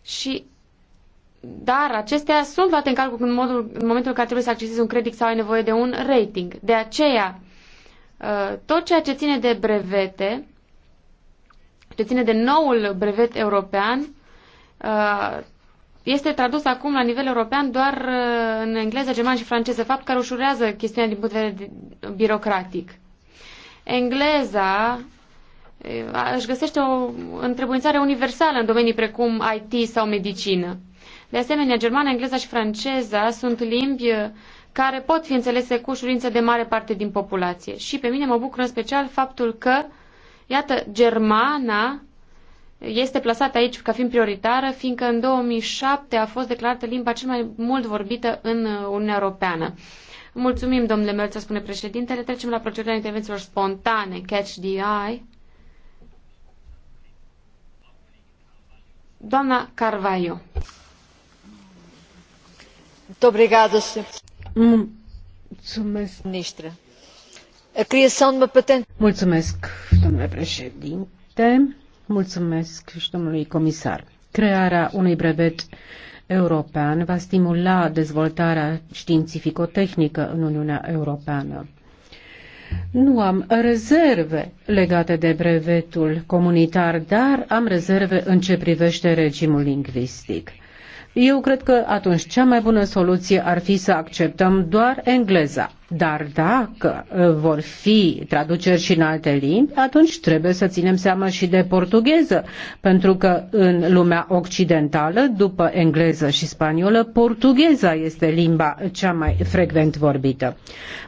Și dar acestea sunt luate în calcul în, modul, în momentul în care trebuie să accesezi un credit sau ai nevoie de un rating. De aceea, uh, tot ceea ce ține de brevete, ce ține de noul brevet european, uh, este tradus acum la nivel european doar uh, în engleză, germană și franceză, fapt care ușurează chestiunea din punct de vedere birocratic. Engleza uh, își găsește o întrebuințare universală în domenii precum IT sau medicină. De asemenea, germana, engleza și franceza sunt limbi uh, care pot fi înțelese cu ușurință de mare parte din populație. Și pe mine mă bucură în special faptul că, iată, germana este plasată aici ca fiind prioritară, fiindcă în 2007 a fost declarată limba cel mai mult vorbită în uh, Uniunea Europeană. Mulțumim, domnule Melță, spune președintele. Trecem la procedura intervențiilor spontane, catch the eye. Doamna Carvalho.
Mulțumesc. Ministră. Mulțumesc, domnule președinte Mulțumesc și domnului comisar. Crearea unui brevet european va stimula dezvoltarea științifico-tehnică în Uniunea Europeană. Nu am rezerve legate de brevetul comunitar, dar am rezerve în ce privește regimul lingvistic. Eu cred că atunci cea mai bună soluție ar fi să acceptăm doar engleza. Dar dacă uh, vor fi traduceri și în alte limbi, atunci trebuie să ținem seama și de portugheză, pentru că în lumea occidentală, după engleză și spaniolă, portugheza este limba cea mai frecvent vorbită.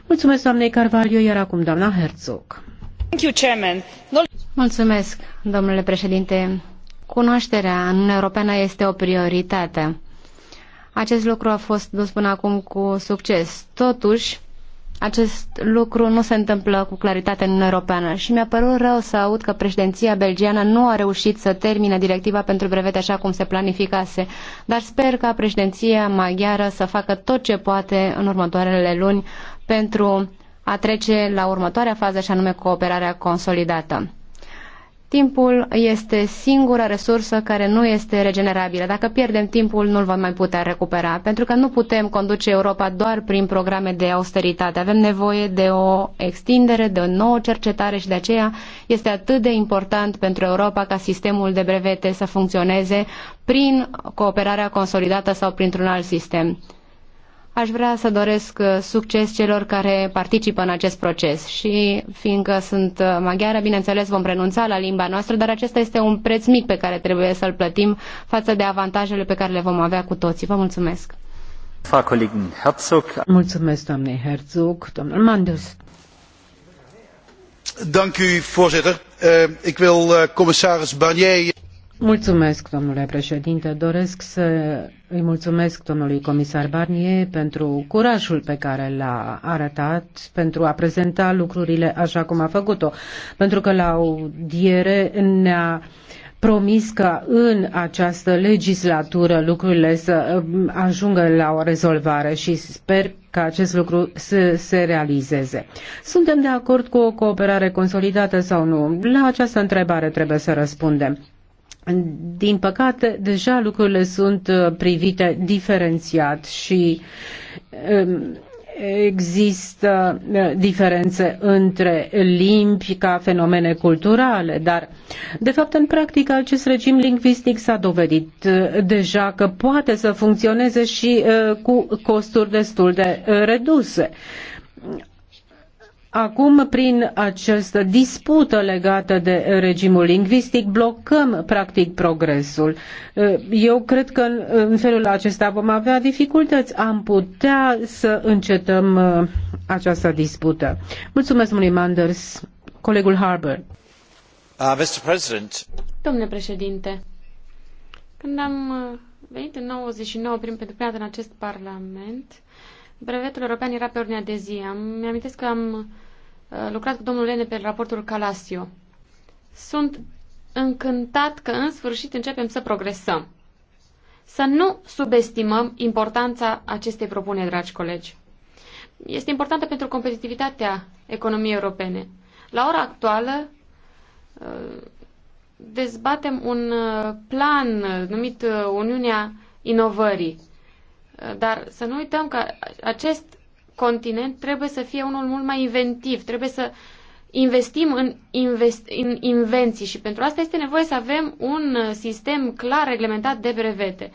Mulțumesc doamnei Carvalho, iar acum doamna Herzog.
Mulțumesc, domnule președinte. Cunoașterea în Uniunea Europeană este o prioritate. Acest lucru a fost dus până acum cu succes. Totuși, acest lucru nu se întâmplă cu claritate în Uniunea Europeană și mi-a părut rău să aud că președinția belgiană nu a reușit să termine directiva pentru brevete așa cum se planificase, dar sper ca președinția maghiară să facă tot ce poate în următoarele luni pentru a trece la următoarea fază și anume cooperarea consolidată. Timpul este singura resursă care nu este regenerabilă. Dacă pierdem timpul, nu-l vom mai putea recupera, pentru că nu putem conduce Europa doar prin programe de austeritate. Avem nevoie de o extindere, de o nouă cercetare și de aceea este atât de important pentru Europa ca sistemul de brevete să funcționeze prin cooperarea consolidată sau printr-un alt sistem. Aș vrea să doresc uh, succes celor care participă în acest proces și, fiindcă sunt uh, maghiară, bineînțeles vom renunța la limba noastră, dar acesta este un preț mic pe care trebuie să-l plătim față de avantajele pe care le vom avea cu toții. Vă mulțumesc!
Mulțumesc, doamne Herzog. Domnul Mandus.
Dank u, voorzitter. Uh, ik wil uh, commissaris Barnier...
Mulțumesc, domnule președinte. Doresc să îi mulțumesc domnului comisar Barnier pentru curajul pe care l-a arătat pentru a prezenta lucrurile așa cum a făcut-o. Pentru că la audiere ne-a promis că în această legislatură lucrurile să um, ajungă la o rezolvare și sper ca acest lucru să se realizeze. Suntem de acord cu o cooperare consolidată sau nu? La această întrebare trebuie să răspundem din păcate, deja lucrurile sunt uh, privite diferențiat și um, există uh, diferențe între limbi ca fenomene culturale, dar de fapt în practică acest regim lingvistic s-a dovedit uh, deja că poate să funcționeze și cu costuri destul de reduse Acum, prin această dispută legată de regimul lingvistic, blocăm practic progresul. Eu cred că în felul acesta vom avea dificultăți. Am putea să încetăm uh, această dispută. Mulțumesc, domnului Manders. Colegul Harbour.
Uh, Mr. President. Domnule președinte, când am uh, venit în 99 prin pentru prima dată în acest parlament, Brevetul european era pe ordinea de zi. Am, mi-amintesc că am uh, lucrat cu domnul Lene pe raportul Calasio. Sunt încântat că în sfârșit începem să progresăm. Să nu subestimăm importanța acestei propuneri, dragi colegi. Este importantă pentru competitivitatea economiei europene. La ora actuală uh, dezbatem un uh, plan numit Uniunea Inovării dar să nu uităm că acest continent trebuie să fie unul mult mai inventiv, trebuie să investim în, invest, în invenții și pentru asta este nevoie să avem un uh, sistem clar reglementat de brevete.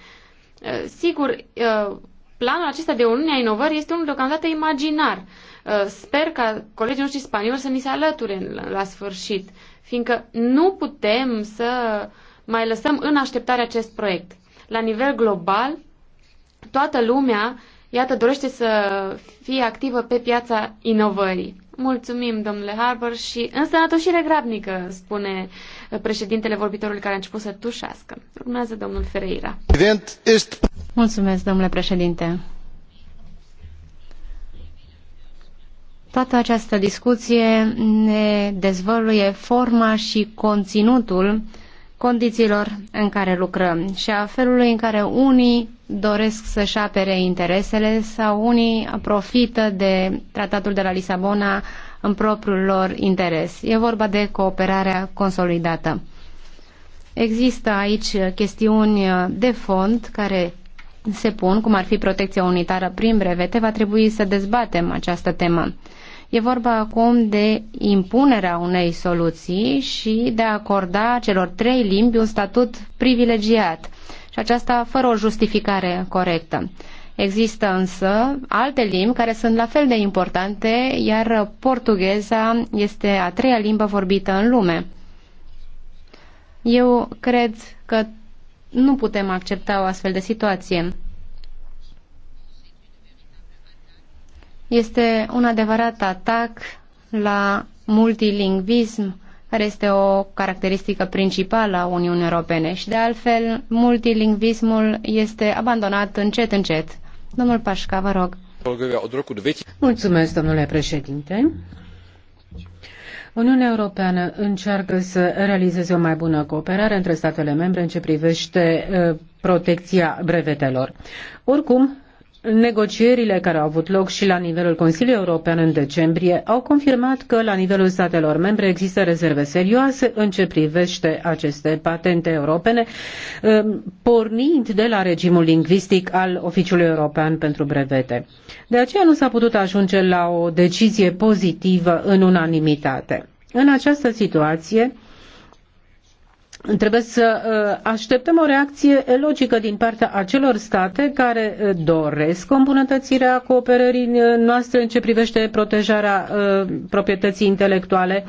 Uh, sigur, uh, planul acesta de Uniunea Inovării este unul deocamdată imaginar. Sper ca colegii noștri spanioli să ni se alăture la sfârșit, fiindcă nu putem să mai lăsăm în așteptare acest proiect. La nivel global, toată lumea, iată, dorește să fie activă pe piața inovării. Mulțumim, domnule Harbour, și însănătoșire grabnică, spune președintele vorbitorului care a început să tușească. Urmează domnul Ferreira.
Mulțumesc, domnule președinte. Toată această discuție ne dezvăluie forma și conținutul condițiilor în care lucrăm și a felului în care unii doresc să-și apere interesele sau unii profită de tratatul de la Lisabona în propriul lor interes. E vorba de cooperarea consolidată. Există aici chestiuni de fond care se pun, cum ar fi protecția unitară prin brevete, va trebui să dezbatem această temă. E vorba acum de impunerea unei soluții și de a acorda celor trei limbi un statut privilegiat și aceasta fără o justificare corectă. Există însă alte limbi care sunt la fel de importante, iar portugheza este a treia limbă vorbită în lume. Eu cred că nu putem accepta o astfel de situație. Este un adevărat atac la multilingvism, care este o caracteristică principală a Uniunii Europene și, de altfel, multilingvismul este abandonat încet, încet. Domnul Pașca, vă rog.
Mulțumesc, domnule președinte. Uniunea Europeană încearcă să realizeze o mai bună cooperare între statele membre în ce privește uh, protecția brevetelor. Oricum, Negocierile care au avut loc și la nivelul Consiliului European în decembrie au confirmat că la nivelul statelor membre există rezerve serioase în ce privește aceste patente europene, um, pornind de la regimul lingvistic al Oficiului European pentru Brevete. De aceea nu s-a putut ajunge la o decizie pozitivă în unanimitate. În această situație, trebuie să uh, așteptăm o reacție logică din partea acelor state care uh, doresc îmbunătățirea cooperării uh, noastre în ce privește protejarea proprietății intelectuale.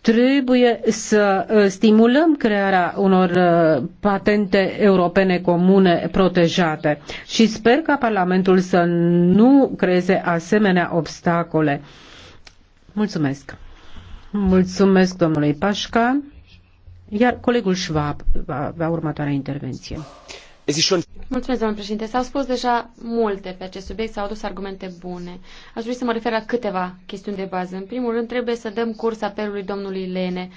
Trebuie să stimulăm crearea unor patente europene comune protejate și sper ca Parlamentul să nu creeze asemenea obstacole. Mulțumesc! Mulțumesc domnului Pașca. Iar colegul Schwab va avea următoarea intervenție.
Mulțumesc, domnul președinte. S-au spus deja multe pe acest subiect, s-au adus argumente bune. Aș vrea să mă refer la câteva chestiuni de bază. În primul rând, trebuie să dăm curs apelului domnului Lene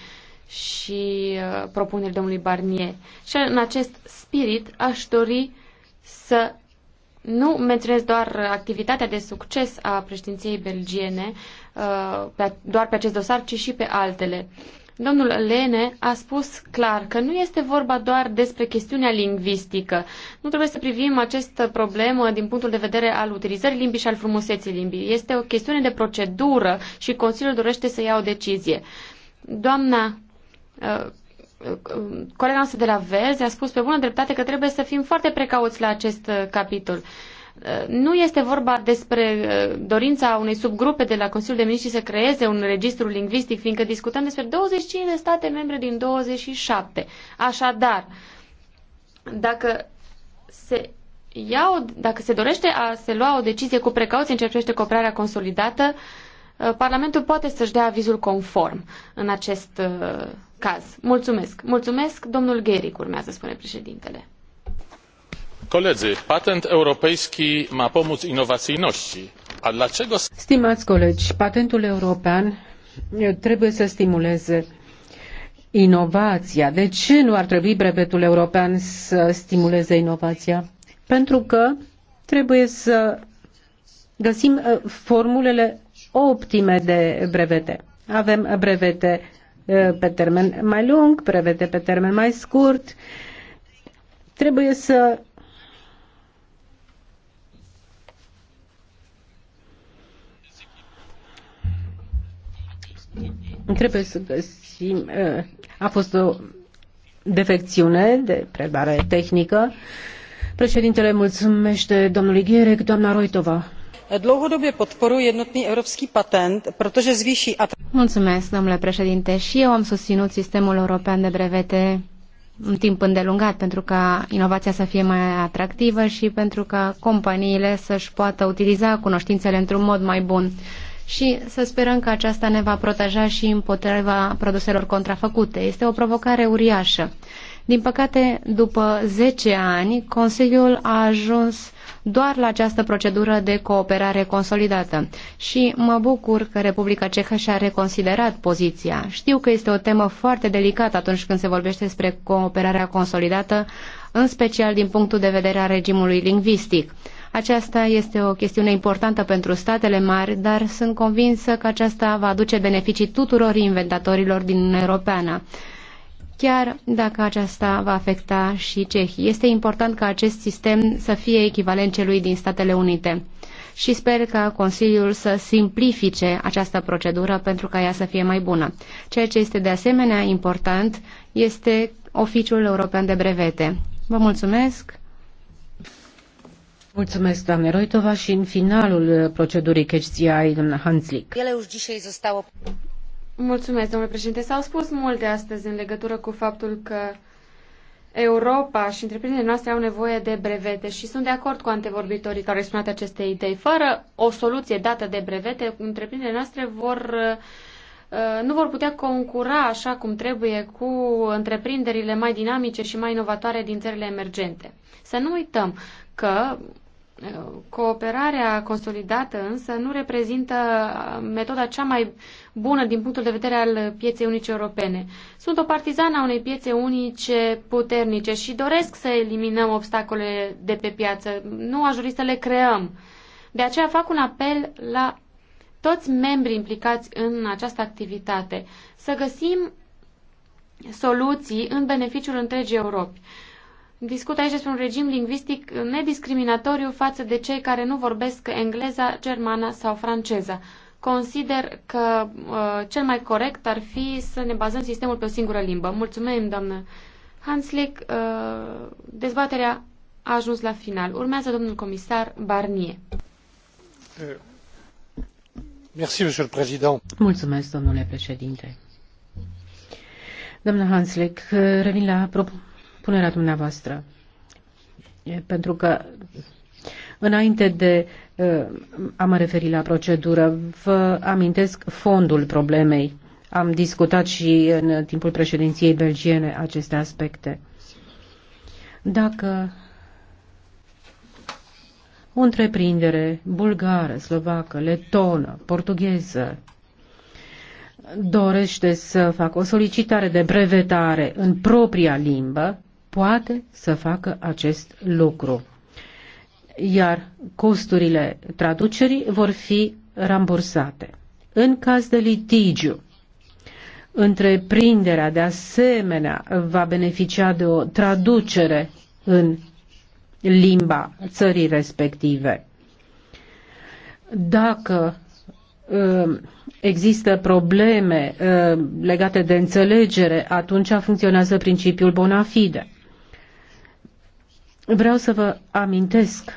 și uh, propunerii domnului Barnier. Și în acest spirit aș dori să nu menționez doar activitatea de succes a președinției belgiene, uh, pe, doar pe acest dosar, ci și pe altele. Uh, Domnul Lene a spus clar că nu este vorba doar despre chestiunea lingvistică. Nu trebuie să privim această problemă din punctul de vedere al utilizării limbii și al frumuseții limbii. Este o chestiune de procedură și Consiliul dorește să ia o decizie. Doamna uh, uh, colega noastră de la Verzi a spus pe bună dreptate că trebuie să fim foarte precauți la acest uh, capitol. Uh, nu este vorba despre uh, dorința unei subgrupe de la Consiliul de Miniștri să creeze un registru lingvistic, fiindcă discutăm despre 25 de state membre din 27. Așadar, dacă se ia dacă se dorește a se lua o decizie cu precauție în ceea ce privește cooperarea consolidată, uh, Parlamentul poate să-și dea avizul conform în acest caz. Mulțumesc. Mulțumesc, domnul Gheric, urmează, spune președintele
patent europejski ma pomóc innowacyjności a dlaczego.
stimați colegi
patentul european trebuie să stimuleze inovația. De ce nu ar trebui brevetul european să stimuleze inovația? Pentru că trebuie să găsim formulele optime de brevete. Avem brevete pe termen mai lung, brevete pe termen mai scurt. Trebuie să Trebuie să găsim. Uh, a fost o defecțiune de predare tehnică. Președintele
mulțumește domnului Gherec, doamna Roitova.
Dlouhodobě podporu jednotný evropský patent, protože zvýší...
Mulțumesc, domnule președinte. Și eu am susținut sistemul european de brevete un timp îndelungat pentru ca inovația să fie mai atractivă și pentru ca companiile să-și poată utiliza cunoștințele într-un mod mai bun și să sperăm că aceasta ne va proteja și împotriva produselor contrafăcute. Este o provocare uriașă. Din păcate, după 10 ani, Consiliul a ajuns doar la această procedură de cooperare consolidată și mă bucur că Republica Cehă și-a reconsiderat poziția. Știu că este o temă foarte delicată atunci când se vorbește despre cooperarea consolidată, în special din punctul de vedere a regimului lingvistic. Aceasta este o chestiune importantă pentru statele mari, dar sunt convinsă că aceasta va aduce beneficii tuturor inventatorilor din Uniunea Europeană chiar dacă aceasta va afecta și cehii. Este important ca acest sistem să fie echivalent celui din Statele Unite și sper ca Consiliul să simplifice această procedură pentru ca ea să fie mai bună. Ceea ce este de asemenea important este Oficiul European de Brevete. Vă mulțumesc!
Mulțumesc, doamne Roitova, și în finalul uh, procedurii CHCI, doamna Hanslick.
Mulțumesc, domnule președinte. S-au spus multe astăzi în legătură cu faptul că Europa și întreprinderile noastre au nevoie de brevete și sunt de acord cu antevorbitorii care au exprimat aceste idei. Fără o soluție dată de brevete, întreprinderile noastre vor uh, nu vor putea concura așa cum trebuie cu întreprinderile mai dinamice și mai inovatoare din țările emergente. Să nu uităm că Cooperarea consolidată însă nu reprezintă uh, metoda cea mai bună din punctul de vedere al pieței unice europene. Sunt o partizană a unei piețe unice puternice și doresc să eliminăm obstacole de pe piață. Nu aș dori să le creăm. De aceea fac un apel la toți membrii implicați în această activitate să găsim soluții în beneficiul întregii Europi. Discut aici despre un regim lingvistic nediscriminatoriu față de cei care nu vorbesc engleza, germana sau franceza. Consider că uh, cel mai corect ar fi să ne bazăm sistemul pe o singură limbă. Mulțumim, doamnă Hanslick. Uh, dezbaterea a ajuns la final. Urmează domnul comisar Barnier. Euh,
merci, Mulțumesc, domnule președinte.
Doamna Hanslick,
revin la propun punerea dumneavoastră. Pentru că Înainte de a mă referi la procedură, vă amintesc fondul problemei. Am discutat și în timpul președinției belgiene aceste aspecte. Dacă o întreprindere bulgară, slovacă, letonă, portugheză dorește să facă o solicitare de brevetare în propria limbă, poate să facă acest lucru. Iar costurile traducerii vor fi rambursate. În caz de litigiu, întreprinderea de asemenea va beneficia de o traducere în limba țării respective. Dacă um, există probleme um, legate de înțelegere, atunci funcționează principiul bona fide vreau să vă amintesc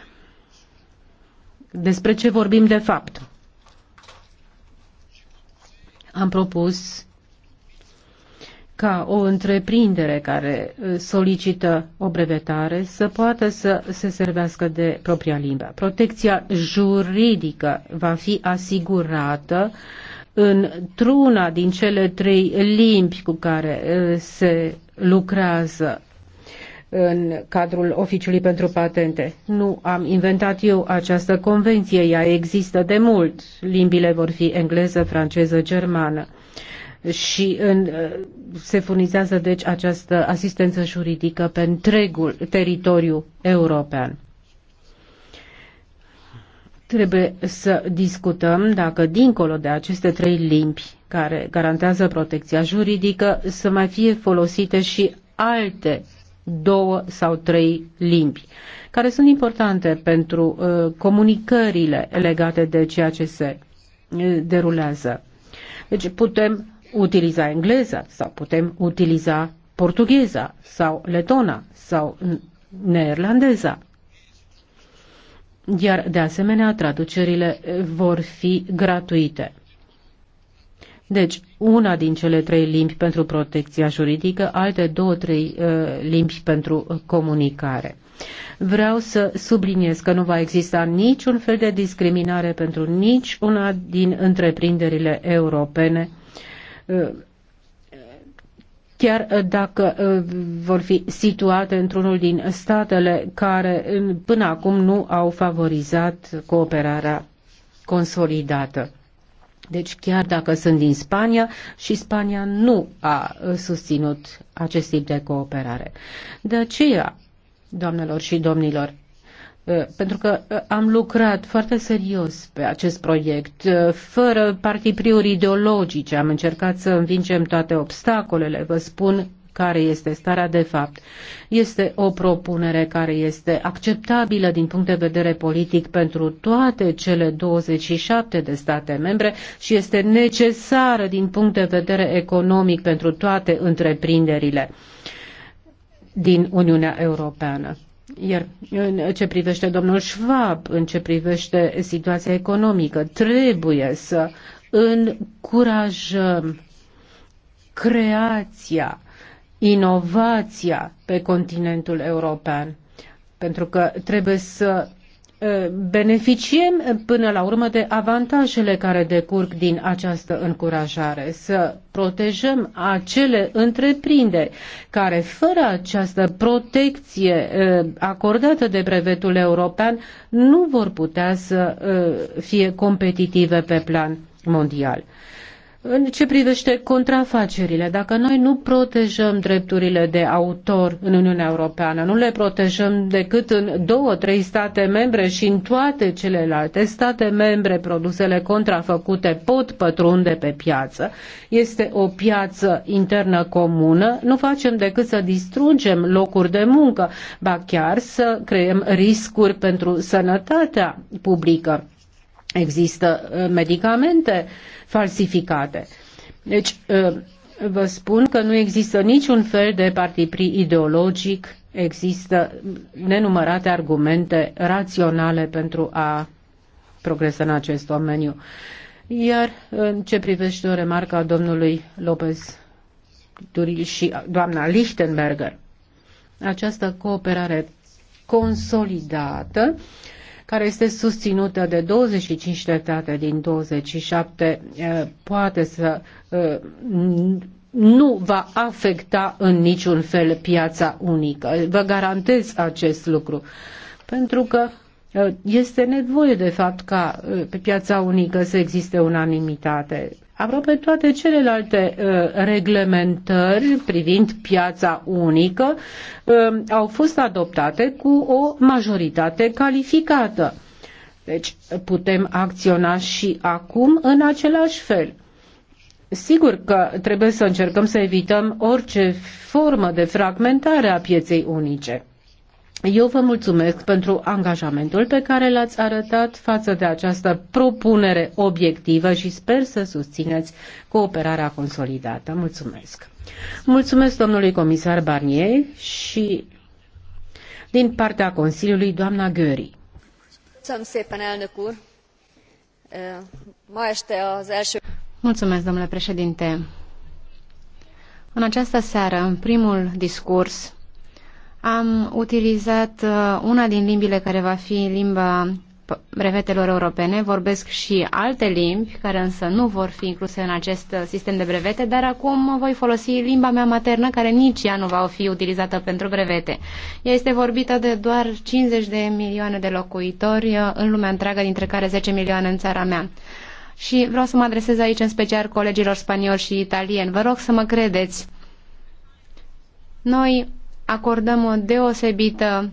despre ce vorbim de fapt. Am propus ca o întreprindere care uh, solicită o brevetare să poată să se servească de propria limbă. Protecția juridică va fi asigurată într-una din cele trei limbi cu care uh, se lucrează în cadrul Oficiului pentru Patente. Nu am inventat eu această convenție, ea există de mult. Limbile vor fi engleză, franceză, germană. Și în, uh, se furnizează deci această asistență juridică pe întregul teritoriu european. Trebuie să discutăm dacă dincolo de aceste trei limbi care garantează protecția juridică să mai fie folosite și alte două sau trei limbi, care sunt importante pentru uh, comunicările legate de ceea ce se uh, derulează. Deci putem utiliza engleza sau putem utiliza portugheza sau letona sau neerlandeza. Iar de asemenea traducerile uh, vor fi gratuite. Deci, una din cele trei limbi pentru protecția juridică, alte două, trei uh, limbi pentru uh, comunicare. Vreau să subliniez că nu va exista niciun fel de discriminare pentru nici una din întreprinderile europene, uh, chiar uh, dacă vor fi situate într-unul din statele care până acum nu au favorizat cooperarea consolidată. Deci chiar dacă sunt din Spania și Spania nu a susținut acest tip de cooperare. De aceea, doamnelor și domnilor, pentru că am lucrat foarte serios pe acest proiect, fără partipriuri ideologice, am încercat să învingem toate obstacolele. Vă spun care este starea de fapt. Este o propunere care este acceptabilă din punct de vedere politic pentru toate cele 27 de state membre și este necesară din punct de vedere economic pentru toate întreprinderile din Uniunea Europeană. Iar în ce privește domnul Schwab, în ce privește situația economică, trebuie să încurajăm creația inovația pe continentul european, pentru că trebuie să beneficiem până la urmă de avantajele care decurg din această încurajare, să protejăm acele întreprinderi care fără această protecție acordată de brevetul european nu vor putea să fie competitive pe plan mondial. În ce privește contrafacerile, dacă noi nu protejăm drepturile de autor în Uniunea Europeană, nu le protejăm decât în două, trei state membre și în toate celelalte state membre produsele contrafăcute pot pătrunde pe piață. Este o piață internă comună, nu facem decât să distrugem locuri de muncă, ba chiar să creăm riscuri pentru sănătatea publică Există uh, medicamente falsificate. Deci, uh, vă spun că nu există niciun fel de partipri ideologic, există nenumărate argumente raționale pentru a progresa în acest domeniu. Iar în ce privește o remarca domnului Lopez Duril și doamna Lichtenberger, această cooperare consolidată care este susținută de 25 de state din 27, eh, poate să eh, nu va afecta în niciun fel piața unică. Vă garantez acest lucru. Pentru că eh, este nevoie, de fapt, ca pe piața unică să existe unanimitate. Aproape toate celelalte uh, reglementări privind piața unică uh, au fost adoptate cu o majoritate calificată. Deci putem acționa și acum în același fel. Sigur că trebuie să încercăm să evităm orice formă de fragmentare a pieței unice. Eu vă mulțumesc pentru angajamentul pe care l-ați arătat față de această propunere obiectivă și sper să susțineți cooperarea consolidată. Mulțumesc. Mulțumesc domnului comisar Barnier și din partea Consiliului doamna Gări.
Mulțumesc, domnule președinte. În această seară, în primul discurs am utilizat uh, una din limbile care va fi limba brevetelor europene, vorbesc și alte limbi care însă nu vor fi incluse în acest uh, sistem de brevete, dar acum voi folosi limba mea maternă care nici ea nu va fi utilizată pentru brevete. Ea este vorbită de doar 50 de milioane de locuitori uh, în lumea întreagă, dintre care 10 milioane în țara mea. Și vreau să mă adresez aici în special colegilor spanioli și italieni. Vă rog să mă credeți. Noi acordăm o deosebită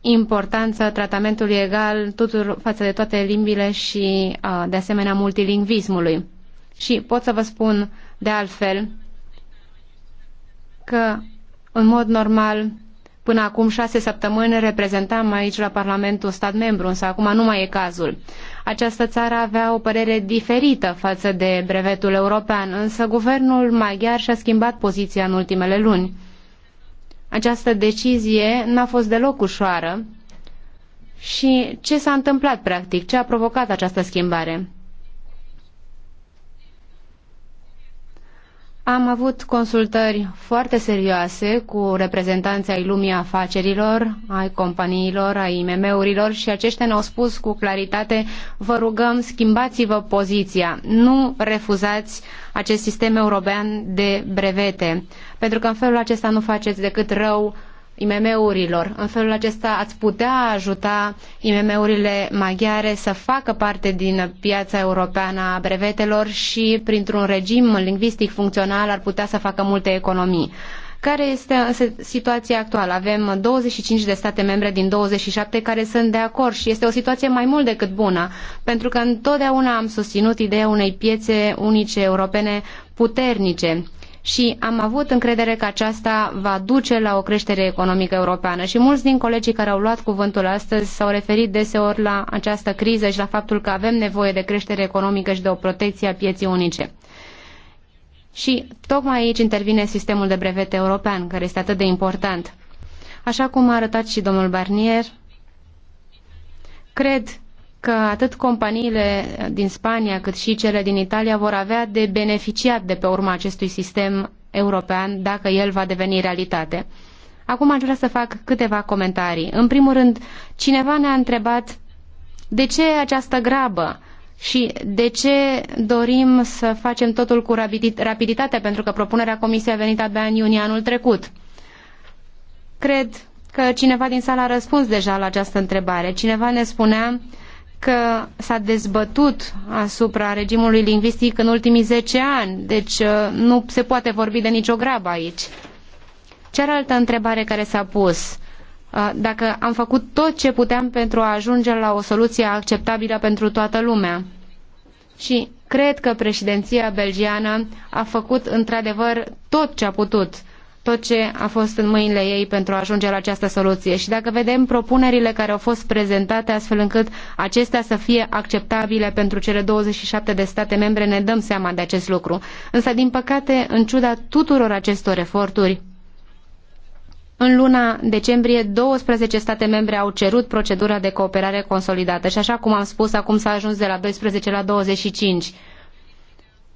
importanță tratamentului egal tuturor, față de toate limbile și, de asemenea, multilingvismului. Și pot să vă spun, de altfel, că, în mod normal, Până acum șase săptămâni reprezentam aici la Parlamentul stat membru, însă acum nu mai e cazul. Această țară avea o părere diferită față de brevetul european, însă guvernul maghiar și-a schimbat poziția în ultimele luni. Această decizie n-a fost deloc ușoară și ce s-a întâmplat practic? Ce a provocat această schimbare? Am avut consultări foarte serioase cu reprezentanții ai lumii afacerilor, ai companiilor, ai IMM-urilor și aceștia ne-au spus cu claritate, vă rugăm, schimbați-vă poziția, nu refuzați acest sistem european de brevete, pentru că în felul acesta nu faceți decât rău IMM-urilor. În felul acesta ați putea ajuta IMM-urile maghiare să facă parte din piața europeană a brevetelor și printr-un regim lingvistic funcțional ar putea să facă multe economii. Care este situația actuală? Avem 25 de state membre din 27 care sunt de acord și este o situație mai mult decât bună, pentru că întotdeauna am susținut ideea unei piețe unice europene puternice și am avut încredere că aceasta va duce la o creștere economică europeană. Și mulți din colegii care au luat cuvântul astăzi s-au referit deseori la această criză și la faptul că avem nevoie de creștere economică și de o protecție a pieții unice. Și tocmai aici intervine sistemul de brevete european, care este atât de important. Așa cum a arătat și domnul Barnier, cred că atât companiile din Spania cât și cele din Italia vor avea de beneficiat de pe urma acestui sistem european dacă el va deveni realitate. Acum aș vrea să fac câteva comentarii. În primul rând, cineva ne-a întrebat de ce această grabă și de ce dorim să facem totul cu rapiditate, pentru că propunerea Comisiei a venit abia în iunie anul trecut. Cred că cineva din sală a răspuns deja la această întrebare. Cineva ne spunea uh, că s-a dezbătut asupra regimului lingvistic în ultimii 10 ani, deci uh, nu se poate vorbi de nicio grabă aici. Cealaltă întrebare care s-a pus, uh, dacă am făcut tot ce puteam pentru a ajunge la o soluție acceptabilă pentru toată lumea. Și cred că președinția belgiană a făcut într-adevăr tot ce a putut tot ce a fost în mâinile ei pentru a ajunge la această soluție. Și dacă vedem propunerile care au fost prezentate astfel încât acestea să fie acceptabile pentru cele 27 de state membre, ne dăm seama de acest lucru. Însă, din păcate, în ciuda tuturor acestor eforturi, în luna decembrie, 12 state membre au cerut procedura de cooperare consolidată și, așa cum am spus, acum s-a ajuns de la 12 la 25.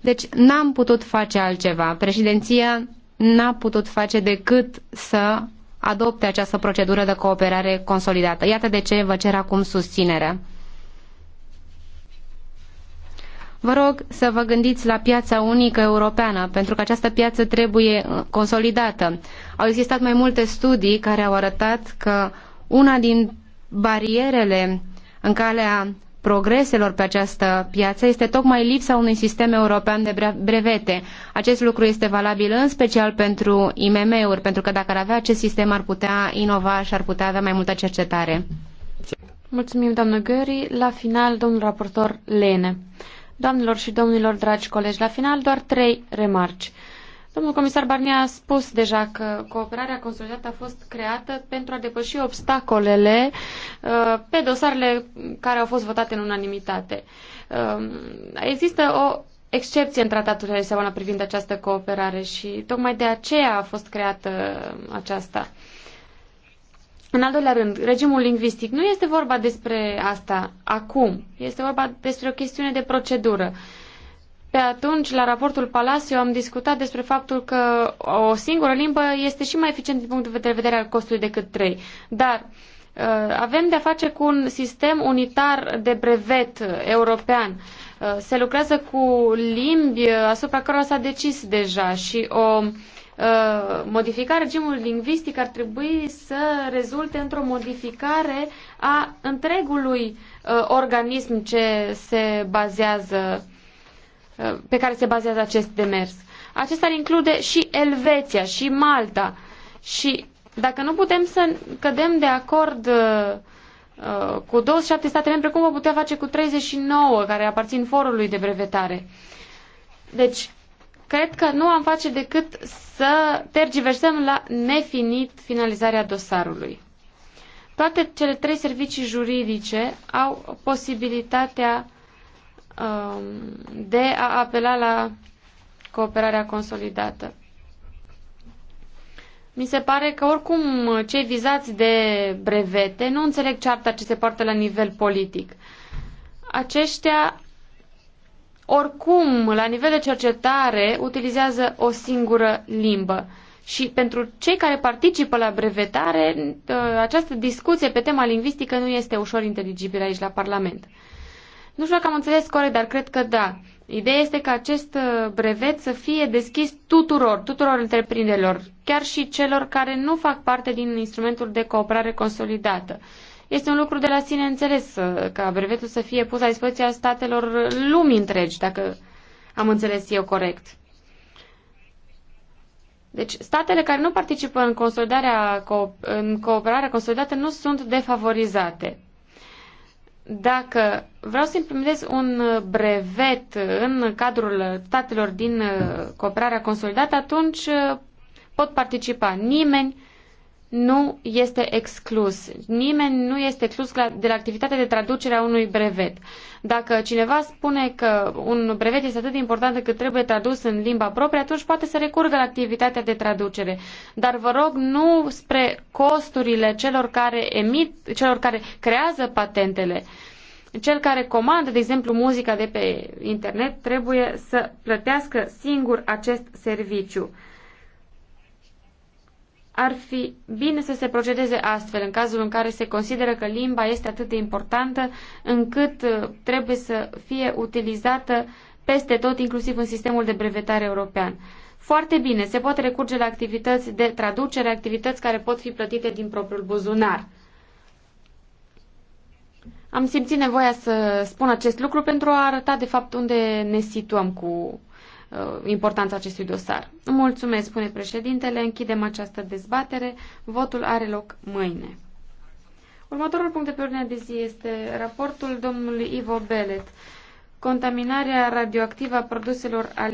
Deci n-am putut face altceva. Președinția n-a putut face decât să adopte această procedură de cooperare consolidată. Iată de ce vă cer acum susținere. Vă rog să vă gândiți la piața unică europeană, pentru că această piață trebuie uh, consolidată. Au existat mai multe studii care au arătat că una din barierele în calea progreselor pe această piață este tocmai lipsa unui sistem european de brevete. Acest lucru este valabil în special pentru IMM-uri, pentru că dacă ar avea acest sistem ar putea inova și ar putea avea mai multă cercetare.
Mulțumim, doamnă Gări. La final, domnul raportor Lene. Doamnelor și domnilor, dragi colegi, la final doar trei remarci. Domnul comisar Barnier a spus deja că cooperarea consolidată a fost creată pentru a depăși obstacolele uh, pe dosarele care au fost votate în unanimitate. Um, există o excepție în tratatul de Lisabona privind această cooperare și tocmai de aceea a fost creată uh, aceasta. În al doilea rând, regimul lingvistic. Nu este vorba despre asta acum, este vorba despre o chestiune de procedură. Uh, pe atunci, la raportul Palacio, am discutat despre faptul că o singură limbă este și mai eficient din punct de vedere al costului decât trei. Dar uh, avem de-a face cu un sistem unitar de brevet uh, european. Uh, se lucrează cu limbi asupra cărora s-a decis deja și o modificare regimului lingvistic ar trebui să rezulte într-o modificare a întregului organism ce se bazează pe care se bazează acest demers. Acesta ar include și Elveția și Malta. Și dacă nu putem să cădem de acord uh, uh cu 27 state membre, cum o putea face cu 39 care aparțin forului de brevetare? Deci, cred că nu am face decât să tergiversăm la nefinit finalizarea dosarului. Toate cele trei servicii juridice au posibilitatea Um, de a apela la cooperarea consolidată. Mi se pare că oricum cei vizați de brevete nu înțeleg cearta ce se poartă la nivel politic. Aceștia oricum, la nivel de cercetare, utilizează o singură limbă. Și pentru cei care participă la brevetare, uh, această discuție pe tema lingvistică nu este ușor inteligibilă aici la Parlament. Nu știu dacă am înțeles corect, dar cred că da. Ideea este că acest uh, brevet să fie deschis tuturor, tuturor întreprinderilor, chiar și celor care nu fac parte din instrumentul de cooperare consolidată. Este un lucru de la sine înțeles uh, ca brevetul să fie pus la dispoziția statelor lumii întregi, dacă am înțeles eu corect. Deci, statele care nu participă în, consolidarea, în cooperarea consolidată nu sunt defavorizate dacă vreau să implementez un brevet în cadrul statelor din uh, cooperarea consolidată, atunci uh, pot participa nimeni nu este exclus. Nimeni nu este exclus de la activitatea de traducere a unui brevet. Dacă cineva spune că un brevet este atât de important încât trebuie tradus în limba proprie, atunci poate să recurgă la activitatea de traducere. Dar vă rog nu spre costurile celor care emit, celor care creează patentele. Cel care comandă, de exemplu, muzica de pe internet trebuie să plătească singur acest serviciu ar fi bine să se procedeze astfel, în cazul în care se consideră că limba este atât de importantă încât uh, trebuie să fie utilizată peste tot, inclusiv în sistemul de brevetare european. Foarte bine, se poate recurge la activități de traducere, activități care pot fi plătite din propriul buzunar. Am simțit nevoia să spun acest lucru pentru a arăta de fapt unde ne situăm cu Uh, importanța acestui dosar. Mulțumesc, spune președintele. Închidem această dezbatere. Votul are loc mâine. Următorul punct de pe ordinea de zi este raportul domnului Ivo Belet. Contaminarea radioactivă a produselor alimentare.